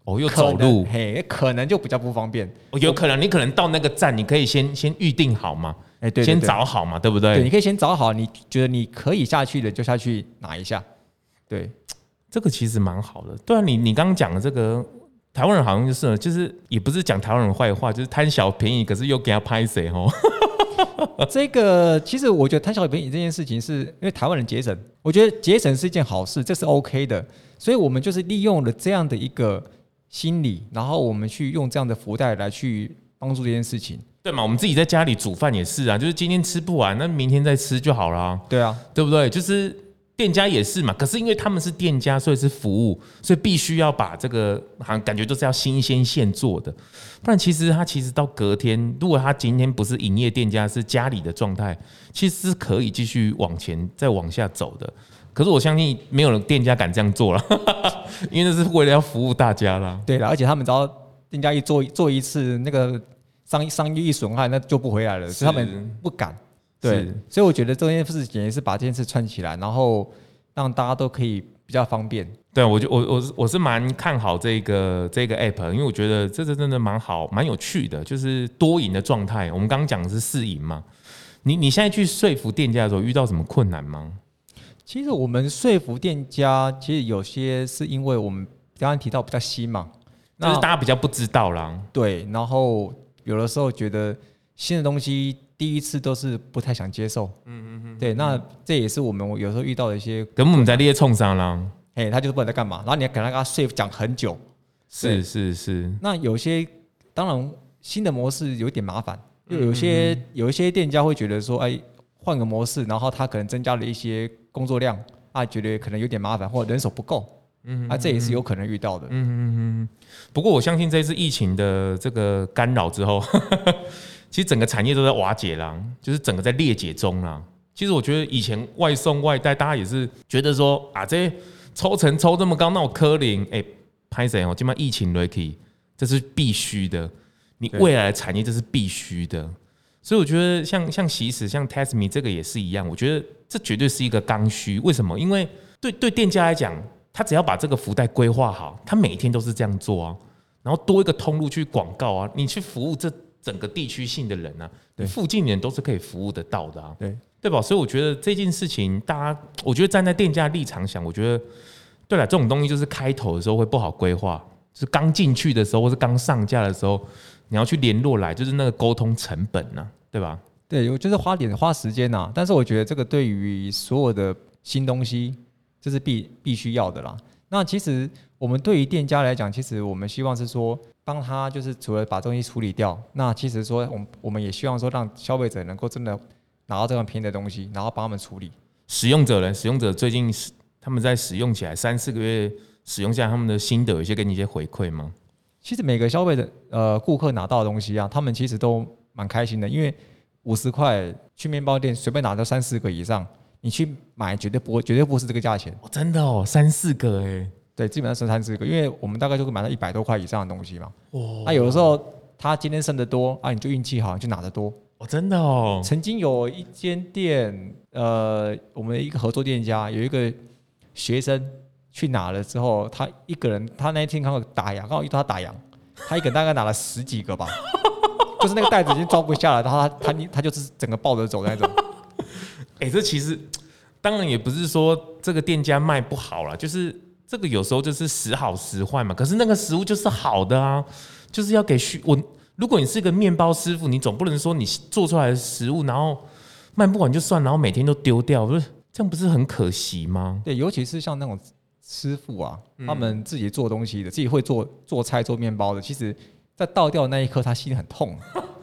哦，又走路，嘿、欸，可能就比較不方便，哦，有可能以你可能到那個站，你可以先先預定好嘛。哎，對，先找好嘛，對不對，對，對，對，對，對，對？你可以先找好，你覺得你可以下去的就下去拿一下。對，這個其實蠻好的。對啊，你你剛剛講的這個，台灣人好像就是，就是也不是講台灣人壞話，就是貪小便宜，可是又給他拍謝哦？ 這個其實我覺得貪小便宜這件事情，是因為台灣人節省，我覺得節省是一件好事，這是 OK 的。所以我們就是利用了這樣的一個心理，然後我們去用這樣的福袋來去幫助這件事情。對嘛，我們自己在家裡煮飯也是啊，就是今天吃不完，那明天再吃就好了。對啊，對不對？就是店家也是嘛，可是因為他們是店家，所以是服務，所以必須要把這個好像感覺就是要新鮮現做的，不然其實他其實到隔天，如果他今天不是營業店家，是家裡的狀態，其實是可以繼續往前再往下走的。可是我相信沒有人店家敢這樣做了， 因為那是為了要服務大家啦。對啦，而且他們只要店家一做做一次那個。商商譽一損害，那就不回來了，是所以他們不敢。對，是所以我覺得這件事情是把這件事串起來，然後讓大家都可以比較方便。對我，就我我是我是蠻看好這個這個 app，因為我覺得這這真的蠻好蠻有趣的，就是多贏的狀態。我們剛剛講的是四贏嘛，你你現在去說服店家的時候遇到什麼困難嗎？其實我們說服店家，其實有些是因為我們剛剛提到比較新嘛，就是大家比較不知道啦。對，然後。有的時候覺得新的東西第一次都是不太想接受，嗯嗯哼對嗯，對，那這也是我們有時候遇到的一些，根本在這些衝上浪，哎，他就是不知道在幹嘛，然後你要給他跟他說講很久，是是是。那有些當然新的模式有點麻煩，嗯、哼有些有一些店家會覺得說，哎，換個模式，然後他可能增加了一些工作量，啊，覺得可能有點麻煩，或者人手不夠。嗯啊，這也是有可能遇到的。嗯嗯嗯。不過我相信這次疫情的這個干擾之後，呵呵其實整個產業都在瓦解啦，就是整個在裂解中啦。其實我覺得以前外送外帶，大家也是覺得說啊，這抽成抽這麼高，那我柯林哎，拍、欸、誰哦，今麥疫情瑞克，這是必須的。你未來的產業這是必須的。對所以我覺得像像惜食像 Tasteme 這個也是一樣，我覺得這絕對是一個剛需。為什麼？因為對對店家來講。他只要把這個福袋規劃好，他每天都是這樣做啊。然後多一個通路去廣告啊，你去服務這整個地區性的人啊，對附近人都是可以服務得到的啊，對對吧？所以我覺得這件事情，大家，我覺得站在店家的立場想，我覺得對了，這種東西就是開頭的時候會不好規劃，就是剛進去的時候，或是剛上架的時候，你要去聯絡來，就是那個溝通成本呢、啊，對吧？對，我就是花點花時間啊。但是我覺得這個對於所有的新東西。這是必必須要的啦。那其實我們對於店家來講，其實我們希望是說幫他，就是除了把東西處理掉，那其實說我們我們也希望說讓消費者能夠真的拿到這樣便宜的東西，然後幫他們處理。使用者呢，使用者最近使他們在使用起來三四個月使用下，他們的心得有一些給你一些回饋嗎？其實每個消費者呃顧客拿到的東西啊，他們其實都蠻開心的，因為五十塊去麵包店隨便拿到三四個以上。你去買絕對不會，絕對不會是這個價錢。哦，真的哦，三四個哎，對，基本上剩三四個，因為我們大概就會買到一百多塊以上的東西嘛。哦，他有的時候他今天剩的多啊你，你就運氣好就拿的多。哦，真的哦，曾經有一間店，呃，我們一個合作店家有一個學生去拿了之後，他一個人，他那天剛好打烊，剛好遇到他打烊，他一個人大概拿了十幾個吧，就是那個袋子已經裝不下了，然後他他他就是整個抱着走那種。哎、欸，這其實當然也不是說這個店家賣不好了，就是這個有時候就是時好時壞嘛。可是那個食物就是好的啊，就是要給需我。如果你是一個麵包師傅，你總不能說你做出來的食物，然後賣不完就算，然後每天都丟掉，不是這樣，不是很可惜嗎？對，尤其是像那種師傅啊，他們自己做東西的，自己會做做菜、做面包的，其實，在倒掉的那一刻，他心裡很痛。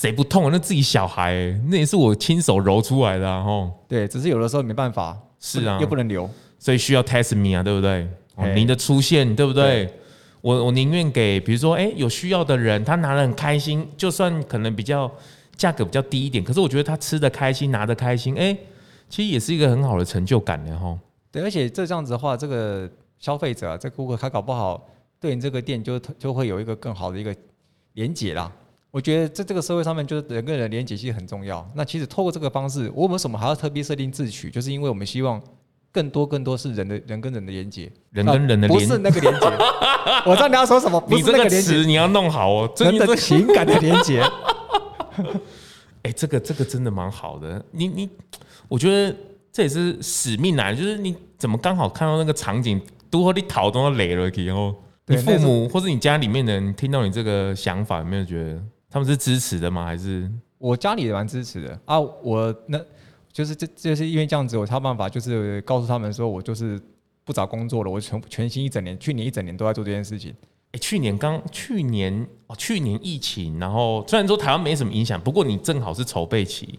誰不痛啊？那自己小孩、欸，那也是我親手揉出來的、啊、吼。對，只是有的時候沒辦法。是啊，又不能留，所以需要 Tasteme 啊，對不對？您 Hey. 的出現，對不對？Hey. 我我寧願給，比如說，哎、欸，有需要的人，他拿得很開心，就算可能比較價格比較低一點，可是我覺得他吃的開心，拿的開心，哎、欸，其實也是一個很好的成就感的吼。對，而且這這樣子的話，這個消費者，這顧客，他搞不好對你這個店就就會有一個更好的一個連結啦。我覺得在這個社會上面，就是人跟人的連接其實很重要。那其實透過這個方式，我們為什麼還要特別設定自取？就是因為我們希望更多更多是人的人跟人的連接，人跟人的連、啊、不是那個連接。 我知道你要說什麼，那連你這個詞你要弄好哦，真、欸這個、的情感的連接。哎、 欸，這個這個真的蠻好的。你你，我覺得這也是使命啊。就是你怎麼剛好看到那個場景，如何你討到雷了？然後你父母或是你家裡面的人聽到你這個想法，有沒有覺得？他們是支持的嗎？還是我家裡也蠻支持的啊！我那就是這，就是因為這樣子，我想辦法就是告訴他們說，我就是不找工作了，我全全新一整年，去年一整年都在做這件事情。誒、欸，去年剛去年哦，去年疫情，然後雖然說台灣沒什麼影響，不過你正好是籌備期。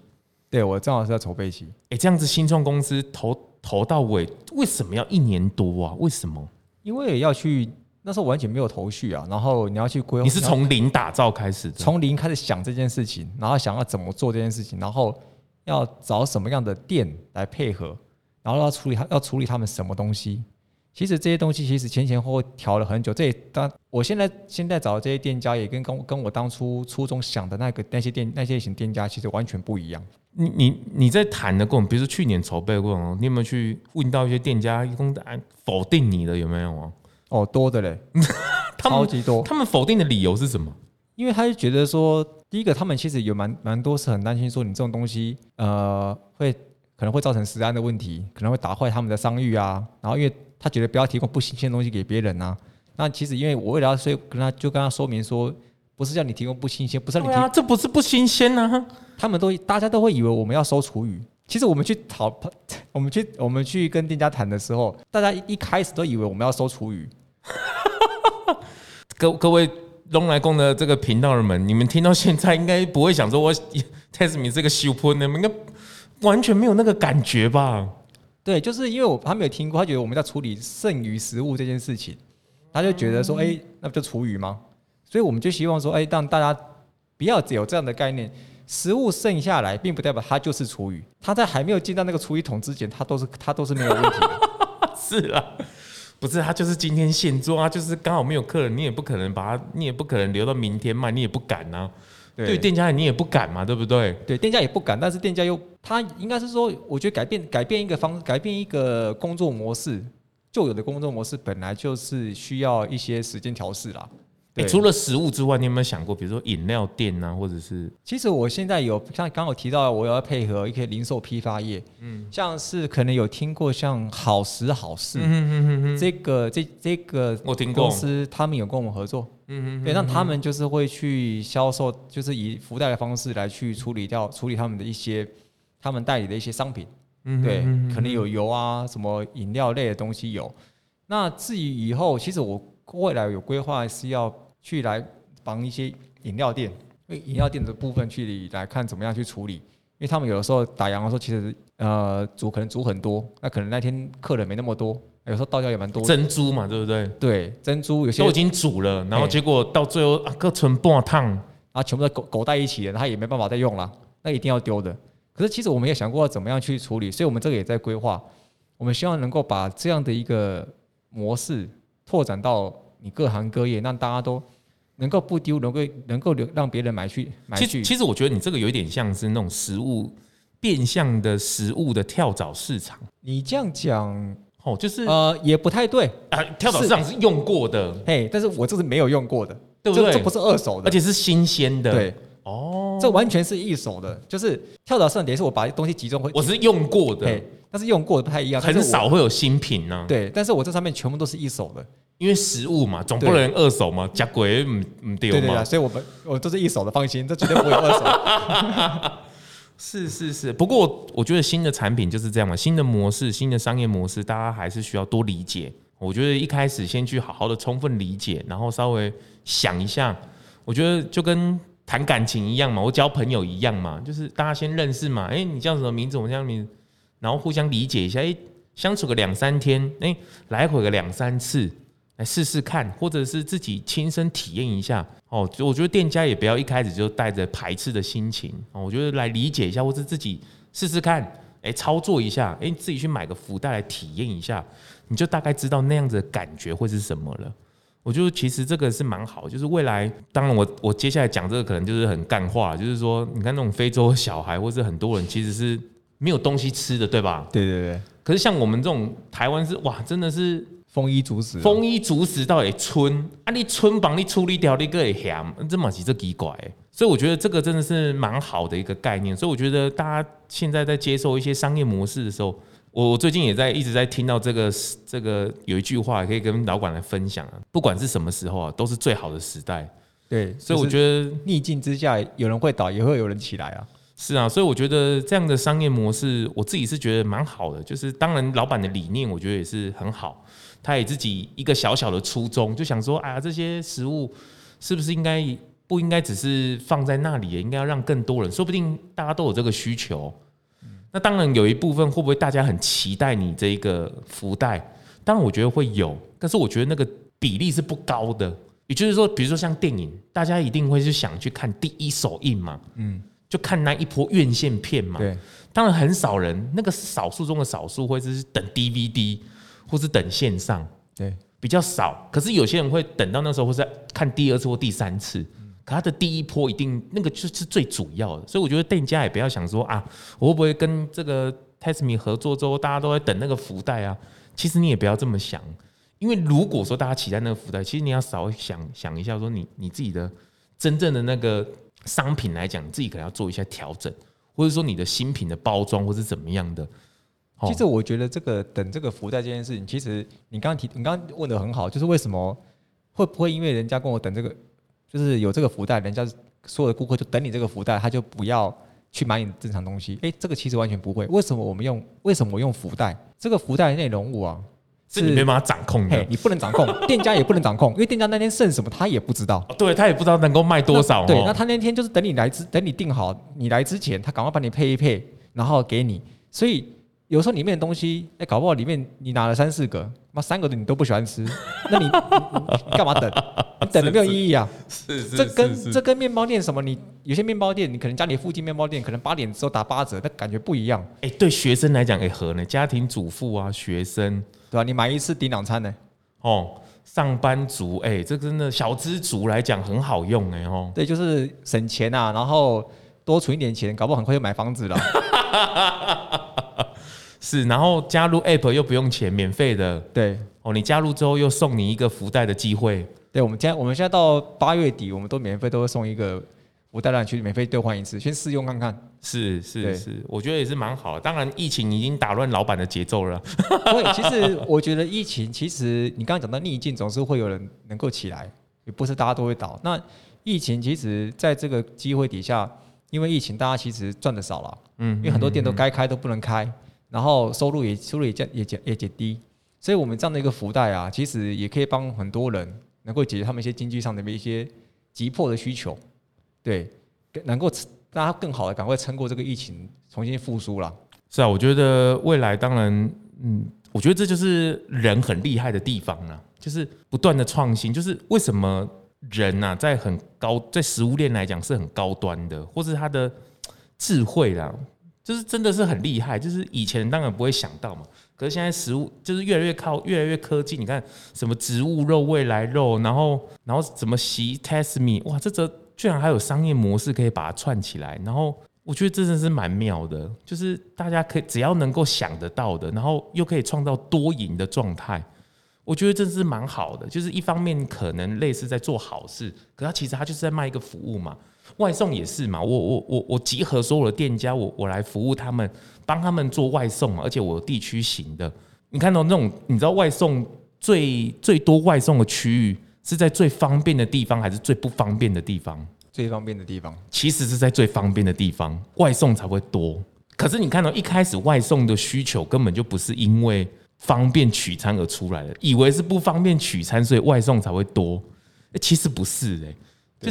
對，我正好是在籌備期。誒、欸，這樣子新創公司投投到尾，為什麼要一年多啊？為什麼？因為要去。那時候完全沒有頭緒啊，然後你要去規劃。你是從零打造開始的，從零開始想這件事情，然後想要怎麼做這件事情，然後要找什麼樣的店來配合，然後要處理他要處理他們什麼東西。其實這些東西其實前前後後調了很久，這也當我現在現在找的這些店家也跟跟跟我當初初衷想的那個那些店那些型店家其實完全不一樣。你你你在談的過程，比如說去年籌備的過程，你有沒有去問到一些店家，一共否定你的有沒有啊？好、哦、多的嘞， 們超級多。他們否定的理由是什麼？因為他就覺得說，第一個，他們其實有蠻蠻多是很擔心說，你這種東西，呃，會可能會造成食安的問題，可能會打壞他們的商譽啊。然後，因為他覺得不要提供不新鮮的東西給別人啊。那其實因為我為了，所以跟他就跟他說明說，不是叫你提供不新鮮，不是叫你提、啊，這不是不新鮮呢、啊。他們都大家都會以為我們要收廚餘，其實我們去討，我們去我們去跟店家談的時候，大家一,一開始都以為我們要收廚餘。各 各位嚨來共的這個頻道人們，你們聽到現在應該不會想說，我 Tasteme 這個 super name，應該完全沒有那個感覺吧？對，就是因為我他沒有聽過，他覺得我們在處理剩餘食物這件事情，他就覺得說，哎、欸，那不就廚餘嗎？所以我們就希望說，哎、欸，讓大家不要只有這樣的概念，食物剩下來並不代表它就是廚餘，它在還沒有進到那個廚餘桶之前，它都是它都是沒有問題的。 是啊。不是他就是今天現做啊，就是剛好沒有客人，你也不可能把它，你也不可能留到明天賣，你也不敢呢、啊。對，店家你也不敢嘛，對不對？對，店家也不敢，但是店家又他應該是說，我覺得改變改變一個方，改變一個工作模式，舊有的工作模式本來就是需要一些時間調試啦。對欸、除了食物之外，你有沒有想過，比如說飲料店啊，或者是……其實我現在有像剛剛有提到，我有要配合一些零售批發業，嗯，像是可能有聽過像好食好事，嗯哼嗯哼嗯，這個這這個我聽過公司，他們有跟我們合作，嗯哼嗯哼嗯，對，那他們就是會去銷售，就是以福袋的方式來去處理掉處理他們的一些他們代理的一些商品，嗯哼嗯哼嗯，對，可能有油啊，什麼飲料類的東西有。那至於以後，其實我未來有規劃是要。去來幫一些飲料店，飲料店的部分去理來看怎麼樣去處理，因為他們有的時候打烊的時候，其實呃煮可能煮很多，那可能那天客人沒那麼多，有時候倒掉也蠻多珍珠嘛，對不對？對，珍珠有些都已經煮了，然後結果到最後、欸、啊各存半燙啊，全部都狗狗帶一起了，他也沒辦法再用了，那一定要丟的。可是其實我們也想過要怎麼樣去處理，所以我們這個也在規劃，我們希望能夠把這樣的一個模式拓展到你各行各業，讓大家都。能夠不丟，能夠能夠讓別人買去買去。其實，其實我覺得你這個有點像是那種食物變相的食物的跳蚤市場。你這樣講，哦，就是呃，也不太對啊，呃。跳蚤市場是用過的，欸，但是我這是沒有用過的，對不對，對？這不是二手的，而且是新鮮的。對，哦，這完全是一手的。就是跳蚤市場等於是我把東西集中，我是用過的，欸，但是用過的不太一樣。很少會有新品呢，啊。對，但是我這上面全部都是一手的。因為食物嘛，總不能二手嘛，加貴唔唔對嘛。對對啊，所以我們我都是一手的，放心，這絕對不會有二手。 是是是，不過我覺得新的產品就是這樣嘛，新的模式、新的商業模式，大家還是需要多理解。我覺得一開始先去好好的充分理解，然後稍微想一下。我覺得就跟談感情一樣嘛，我交朋友一樣嘛，就是大家先認識嘛。哎、欸，你叫什麼名字？我叫什麼名字，然後互相理解一下。哎、欸，相處個兩三天，哎、欸，來回個兩三次。來試試看，或者是自己親身體驗一下哦。我覺得店家也不要一開始就帶着排斥的心情哦。我覺得來理解一下，或是自己試試看，哎，操作一下，哎，自己去買個福袋來體驗一下，你就大概知道那樣子的感覺會是什麼了。我覺得其實這個是蠻好，就是未來，當然我我接下來講這個可能就是很乾話，就是說你看那種非洲小孩，或是很多人其實是沒有東西吃的，對吧？對對對。可是像我們這種台灣是哇，真的是。豐衣足食、啊，豐衣足食到也村啊！你村幫你處理掉，你個也強，這麼幾隻奇怪，所以我覺得這個真的是蠻好的一個概念。所以我覺得大家現在在接受一些商業模式的時候，我最近也在一直在聽到這個這個有一句話可以跟老板來分享啊。不管是什麼時候啊，都是最好的時代。對，所以我覺得逆境之下，有人會倒，也會有人起來啊。是啊，所以我覺得這樣的商業模式，我自己是覺得蠻好的。就是當然，老板的理念，我覺得也是很好。他也自己一個小小的初衷，就想說：哎呀，這些食物是不是應該不應該只是放在那裡？應該要讓更多人，說不定大家都有這個需求。嗯。那當然有一部分會不會大家很期待你這個福袋？當然我覺得會有，但是我覺得那個比例是不高的。也就是說，比如說像電影，大家一定會是想去看第一首映嘛，嗯，就看那一波院線片嘛。對，當然很少人，那個少數中的少數會是等 DVD。或是等線上，對，比較少，可是有些人會等到那時候，或者看第二次或第三次，可他的第一波一定那個就是最主要的，所以我覺得店家也不要想說啊，我會不會跟這個 Tasteme 合作之後，大家都在等那個福袋啊？其實你也不要這麼想，因為如果說大家期待那個福袋，其實你要少想想一下，說你你自己的真正的那個商品來講，你自己可能要做一下調整，或者說你的新品的包裝或是怎麼樣的。其實我覺得這個等這個福袋這件事情，其實你剛剛提，你剛剛問的很好，就是為什麼會不會因為人家跟我等這個，就是有這個福袋，人家所有的顧客就等你這個福袋，他就不要去買你正常東西？哎、欸，這個其實完全不會。為什麼我們用？為什麼我用福袋？這個福袋內容物啊，是，是你沒辦法掌控的，你不能掌控，店家也不能掌控， 因為店家那天剩什麼他也不知道，哦、對他也不知道能夠賣多少。對，那他那天就是等你來之，等你定好，你來之前他趕快幫你配一配，然後給你，所以。有時候裡面的東西，哎、欸，搞不好裡面你拿了三四個，媽三個的你都不喜歡吃， 那你幹、嗯嗯、嘛等？你等了沒有意義啊！是是是，是，是這。這跟這跟麵包店什麼你？你有些麵包店，你可能家裡附近麵包店可能八點之後打八折，但感覺不一樣。哎、欸，對學生來講也合呢，家庭主婦啊，學生，對吧、啊？你買一次頂兩餐呢、欸。哦，上班族，哎、欸，這真的小資族來講很好用哎、欸、哦。對，就是省錢啊，然後多存一點錢，搞不好很快就買房子了。 是，然後加入 App 又不用錢，免費的。對，哦，你加入之後又送你一個福袋的機會。對，我們今我們現在到八月底，我們都免費都會送一個福袋讓你去免費兌換一次，先試用看看。是是對是，我覺得也是蠻好的。當然，疫情已經打亂老闆的節奏了。所以 其實我覺得疫情其實你剛剛講到逆境，總是會有人能夠起來，也不是大家都會倒。那疫情其實在這個機會底下，因為疫情大家其實賺得少了，嗯哼哼哼，因為很多店都該開都不能開。然後收入也收入也降也降也也低，所以我們這樣的一個福袋啊，其實也可以幫很多人能夠解決他們一些經濟上的一些急迫的需求，對，能夠讓他更好的趕快撐過這個疫情，重新復甦了。是啊，我覺得未來當然，嗯，我覺得這就是人很厲害的地方了，就是不斷的創新，就是為什麼人吶、啊、在很高在食物鏈來講是很高端的，或者他的智慧啦。就是真的是很厲害，就是以前當然不會想到嘛，可是現在食物就是越來越靠越來越科技。你看什麼植物肉、未來肉，然後然後什麼洗 Tasteme，哇，這則居然還有商業模式可以把它串起來。然後我覺得這真是蠻妙的，就是大家可以只要能夠想得到的，然後又可以創造多贏的狀態，我覺得這是蠻好的。就是一方面可能類似在做好事，可它其實它就是在賣一個服務嘛。外送也是嘛，我我我我集合所有的店家，我我來服務他們，幫他們做外送，而且我地區型的。你看到、喔、那種，你知道外送最最多外送的區域是在最方便的地方，還是最不方便的地方？最方便的地方，其實是在最方便的地方，外送才會多。可是你看到、喔、一開始外送的需求根本就不是因為方便取餐而出來的，以為是不方便取餐，所以外送才會多，欸、其實不是的、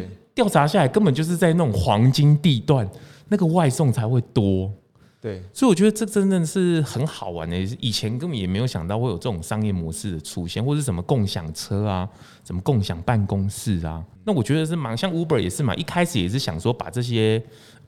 欸。調查下來，根本就是在那種黃金地段，那個外送才會多。對，所以我覺得這真的是很好玩的、欸。以前根本也沒有想到會有這種商業模式的出現，或者什麼共享車啊，什麼共享辦公室啊。那我覺得是蠻像 Uber 也是嘛，一開始也是想說把這些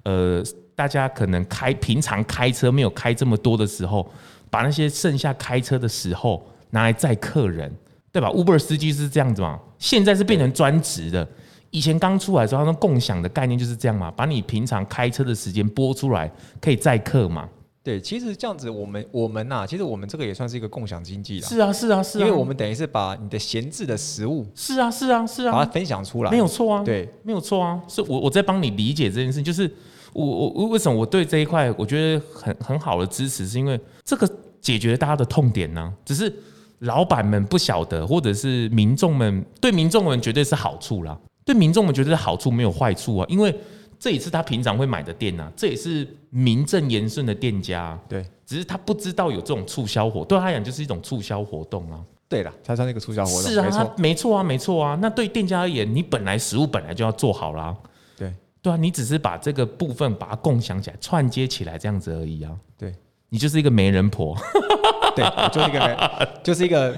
呃，大家可能開平常開車沒有開這麼多的時候，把那些剩下開車的時候拿來載客人，對吧？Uber 司機是這樣子嘛，現在是變成專職的。以前剛出來的時候，他們共享的概念就是這樣嘛，把你平常開車的時間撥出來，可以載客嘛。對，其實這樣子我們，我們我們吶，其實我們這個也算是一個共享經濟了、啊。是啊是啊是啊，因為我們等於是把你的閒置的食物，是啊是啊是啊，是啊是啊把它分享出來，沒有錯啊。對，沒有錯啊。是我我在幫你理解這件事，就是我我我為什麼我對這一塊我覺得很很好的支持，是因為這個解決了大家的痛點呢、啊。只是老板們不曉得，或者是民眾們對民眾們絕對是好處啦。對民眾，我們覺得好處沒有壞處啊，因為這也是他平常會買的店吶、啊，這也是名正言順的店家、啊。對，只是他不知道有這種促銷活，對他講就是一種促銷活動啊。對了，他他那個促銷活動是啊，沒錯啊，沒錯啊。那對店家而言，你本來食物本來就要做好啦。對，對啊，你只是把這個部分把它共享起來、串接起來這樣子而已啊。對，你就是一個媒人婆， 對我就，就是一個就是一個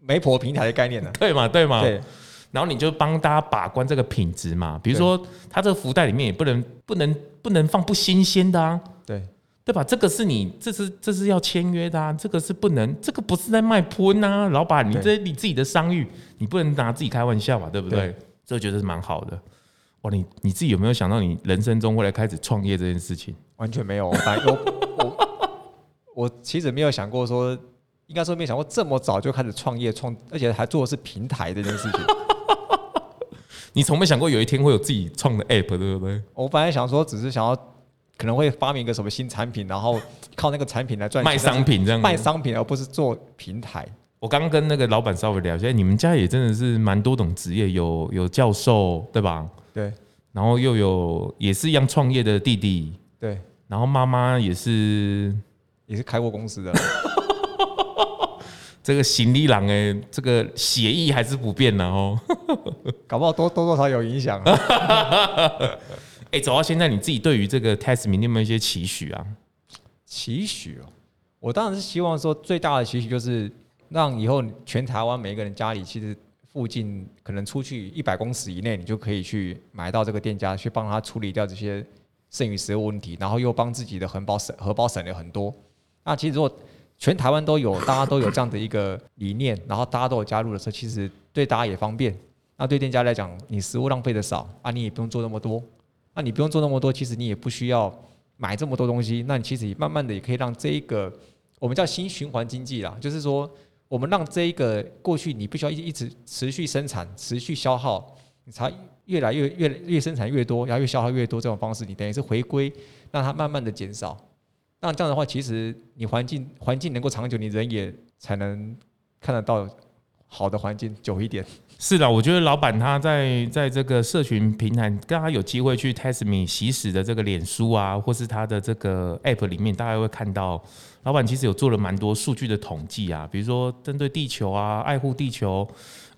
媒媒婆平台的概念呢、啊。 對嘛，對嘛，對。然後你就幫大家把關這個品質嘛，比如說他這個福袋裡面也不能不能不能放不新鮮的啊，對對吧？這個是你這是這是要簽約的啊，這個是不能，這個不是在賣噴啊，老板，你這你自己的商譽，你不能拿自己開玩笑嘛，對不對？這就覺得是蠻好的，哇，你你自己有沒有想到你人生中未來開始創業這件事情？完全沒有啊，我， 我我我其實沒有想過說，應該說沒想過這麼早就開始創業創，而且還做的是平台這件事情。 你從沒想過有一天會有自己創的 app，對不對？我本來想說，只是想要可能會發明一個什麼新產品，然後靠那個產品來賺錢。賣商品這樣子。賣商品而不是做平台。我剛剛跟那個老板稍微聊一下，你們家也真的是蠻多種職業，有有教授，對吧？對。然後又有也是一樣創業的弟弟。對。然後媽媽也是也是開過公司的。 這個行李郎哎，這個協議還是不變的哦，搞不好多多多少有影響。哎，走到現在，你自己對於這個 test 你有沒有一些期許啊？期許哦，我當然是希望說最大的期許就是讓以後全台灣每一個人家裡其實附近可能出去一百公尺以內，你就可以去買到這個店家去幫他處理掉這些剩餘食物問題，然後又幫自己的荷包省荷包省了很多。那其實如果全台灣都有，大家都有這樣的一個理念，然後大家都有加入的時候，其實對大家也方便。那對店家來講，你食物浪費的少啊，你也不用做那麼多啊。那你不用做那麼多，其實你也不需要買這麼多東西。那你其實也慢慢的也可以讓這一個我們叫新循環經濟啦，就是說我們讓這一個過去你必須要一一直持續生產、持續消耗，你才越來越越來越生產越多，然後越消耗越多這種方式，你等於是回歸，讓它慢慢的減少。那這樣的話，其實你環境環境能夠長久，你人也才能看得到好的環境久一點。是的，我覺得老板他在在這個社群平台，剛剛有機會去 Tasteme 惜食的這個臉書啊，或是他的這個 App 裡面，大家會看到老板其實有做了蠻多數據的統計啊，比如說針對地球啊，愛護地球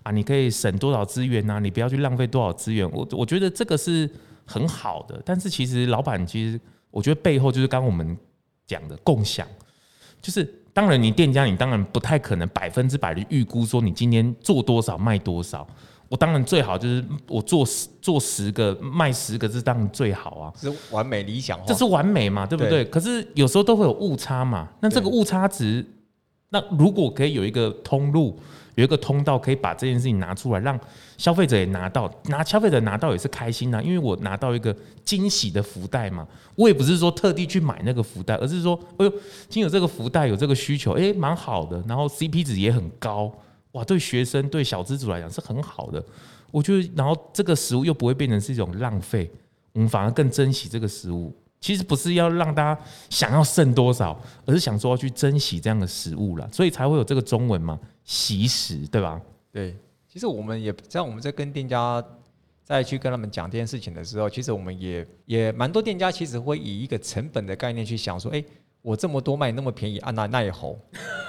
啊，你可以省多少資源啊，你不要去浪費多少資源。我我覺得這個是很好的，但是其實老板其實我覺得背後就是剛剛我們。講的共享，就是當然你店家，你當然不太可能百分之百的預估說你今天做多少賣多少。我當然最好就是我做十做十個賣十個是當然最好啊，是完美理想化，這是完美嘛，對不對？對。可是有時候都會有誤差嘛，那這個誤差值，對那如果可以有一個通路。有一個通道，可以把這件事情拿出來，讓消費者也拿到，拿消費者拿到也是開心的、啊、因為我拿到一個驚喜的福袋嘛。我也不是說特地去買那個福袋，而是說，哎呦，竟有這個福袋，有這個需求，誒、欸，蠻好的。然後 CP 值也很高，哇，對學生、對小資族來講是很好的。我覺得，然後這個食物又不會變成是一種浪費，我們反而更珍惜這個食物。其實不是要讓大家想要剩多少，而是想說要去珍惜這樣的食物啦，所以才會有這個中文嘛。惜食對吧？對，其實我們也在我們在跟店家再去跟他們講這件事情的時候，其實我們也也蠻多店家其實會以一個成本的概念去想說，哎，我這麼多賣那麼便宜，啊那那也好。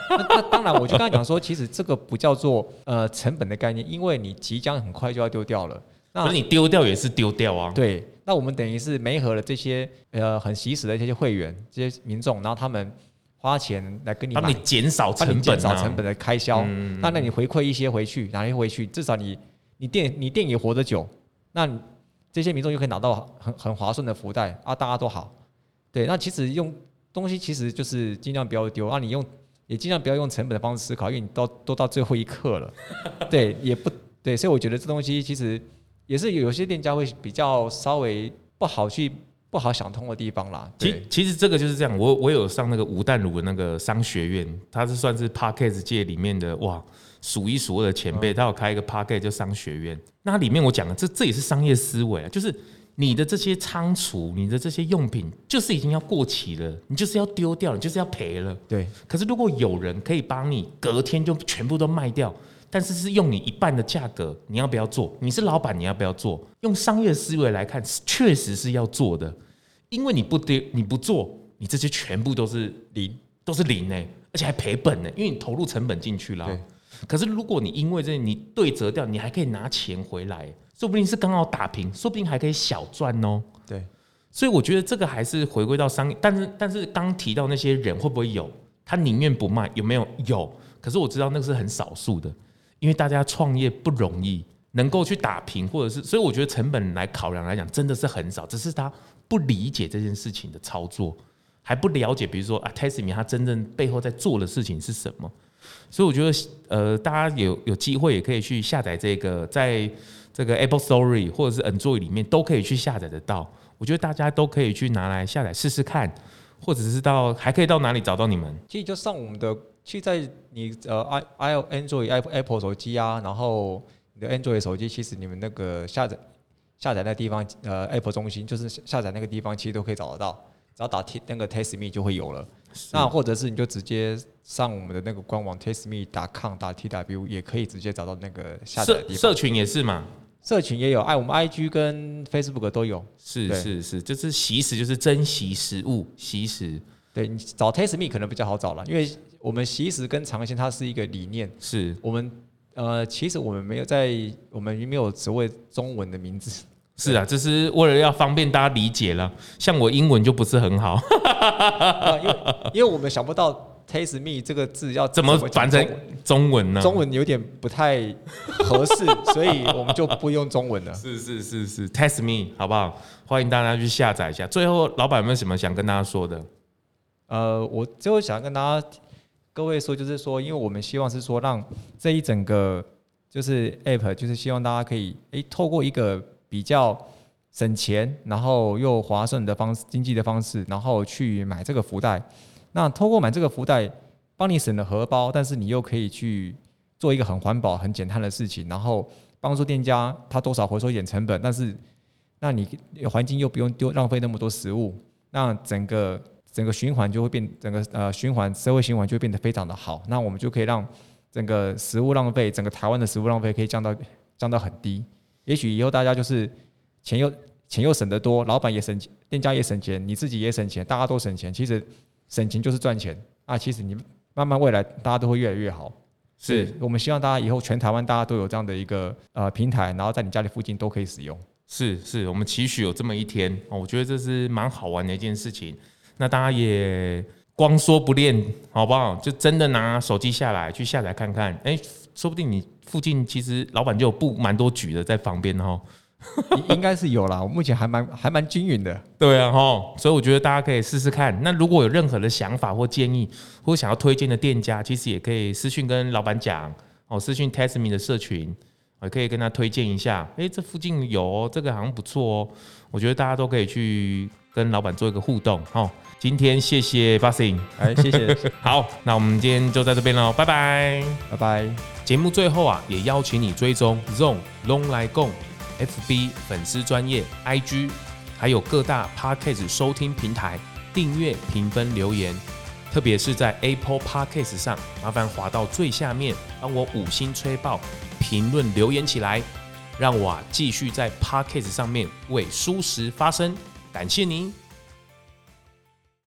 那，那當然，我就剛才講說， 其實這個不叫做呃成本的概念，因為你即將很快就要丟掉了。那，那你丟掉也是丟掉啊。對，那我們等於是媒合了這些呃很惜食的一些會員、這些民眾，然後他們。花錢來跟你買，幫你減少成本、啊，嗯、少成本的開銷。那那你回饋一些回去，拿一些回去，至少你你店你店也活得久。那這些民眾就可以拿到很很划算的福袋啊，大家都好。對，那其實用東西其實就是盡量不要丟。讓、啊、你用也盡量不要用成本的方式思考，因為你都都到最後一刻了。對，也不對，所以我覺得這東西其實也是有些店家會比較稍微不好去。不好想通的地方啦。其其實這個就是這樣，我我有上那個吳淡如的那個商學院，他是算是 Podcast 界裡面的哇數一數二的前輩，他、嗯、有開一個 Podcast 就商學院。那裡面我講了，這這也是商業思維啊，就是你的這些倉儲、你的這些用品，就是已經要過期了，你就是要丟掉了，就是要賠了。對。可是如果有人可以幫你，隔天就全部都賣掉。但是是用你一半的價格，你要不要做？你是老闆，你要不要做？用商業思維來看，確實是要做的，因為你不跌你不做，你這些全部都是零，都是零呢，而且還賠本呢，因為你投入成本進去了。對可是如果你因為這些你對折掉，你還可以拿錢回來，說不定是剛好打平，說不定還可以小賺哦。對，所以我覺得這個還是回歸到商業，但是但是剛提到那些人會不會有？他寧願不賣，有沒有？有，可是我知道那個是很少數的。因為大家創業不容易，能夠去打拼，或者是，所以我覺得成本來考量來講，真的是很少。只是他不理解這件事情的操作，還不了解，比如說啊 Tasteme 他真正背後在做的事情是什麼。所以我覺得，呃，大家有有機會也可以去下載這個，在這個 Apple Store 或者是 Android 裡面都可以去下載得到。我覺得大家都可以去拿來下載試試看，或者是到，還可以到哪裡找到你們？其實就上我們的。其實，在你呃 i io Android、Apple 手機啊，然後你的 Android 手機，其實你們那個下載下載那地方，呃，Apple 中心就是下載那個地方，其實都可以找得到。只要打 T 那個 Tasteme 就會有了。是那或者是你就直接上我們的那個官網，是個官網 tasteme.com.tw，也可以直接找到那個下載社，社群也是嘛，社群也有，哎，我們 IG 跟 Facebook 都有。是是對是，是，就是惜食就是珍惜食物，惜食。對，你找 Tasteme 可能比較好找了，因為。我們惜食跟嘗鮮它是一個理念是，是我們呃，其實我們沒有在我們沒有所謂中文的名字，是啊，這是為了要方便大家理解了。像我英文就不是很好， 因為因為我們想不到 “taste me” 這個字要怎麼反成中，中文呢？中文有點不太合適，所以我們就不用中文了。是是是是，taste me，好不好？歡迎大家去下載一下。最後，老闆有沒有什麼想跟大家說的？呃，我最後想跟大家。各位說，就是說，因為我們希望是說，讓這一整個就是 app，就是希望大家可以誒、欸、透過一個比較省錢，然後又划算的方式、經濟的方式，然後去買這個福袋。那透過買這個福袋，幫你省了荷包，但是你又可以去做一個很環保、很簡單的事情，然後幫助店家他多少回收一點成本，但是那你環境又不用丟、浪費那麼多食物，那整個。整個循環就會變，整個呃循環，社會循環就會變得非常的好。那我們就可以讓整個食物浪費，整個台灣的食物浪費可以降到降到很低。也許以後大家就是錢又錢又省得多，老闆也省錢，店家也省錢，你自己也省錢，大家都省錢。其實省錢就是賺錢啊。其實你慢慢未來大家都會越來越好。是，是我們希望大家以後全台灣大家都有這樣的一個呃平台，然後在你家裡附近都可以使用。是，是我們期許有這麼一天，我覺得這是蠻好玩的一件事情。那大家也光說不練，好不好？就真的拿手機下來去下載看看。哎、欸，說不定你附近其實老板就有不蠻多局的在旁邊哈。哦、 應該是有啦，我目前還蠻還蠻均勻的。對啊吼、哦。所以我覺得大家可以試試看。那如果有任何的想法或建議，或想要推薦的店家，其實也可以私訊跟老板講哦，私訊 Tasteme 的社群，也可以跟他推薦一下。哎、欸，這附近有哦，這個好像不錯哦，我覺得大家都可以去跟老板做一個互動吼。哦今天謝謝 Barson，哎，謝謝。 好，那我們今天就在這邊嘍，拜拜，拜拜。節目最後啊，也邀請你追蹤 Zong 嚨來共 FB 粉絲專頁 IG，還有各大 Podcast 收聽平台訂閱、評分、留言。特別是在 Apple Podcast 上，麻煩滑到最下面，幫我五星吹爆，評論留言起來，讓我啊繼續在 Podcast 上面為蔬食發聲。感謝你。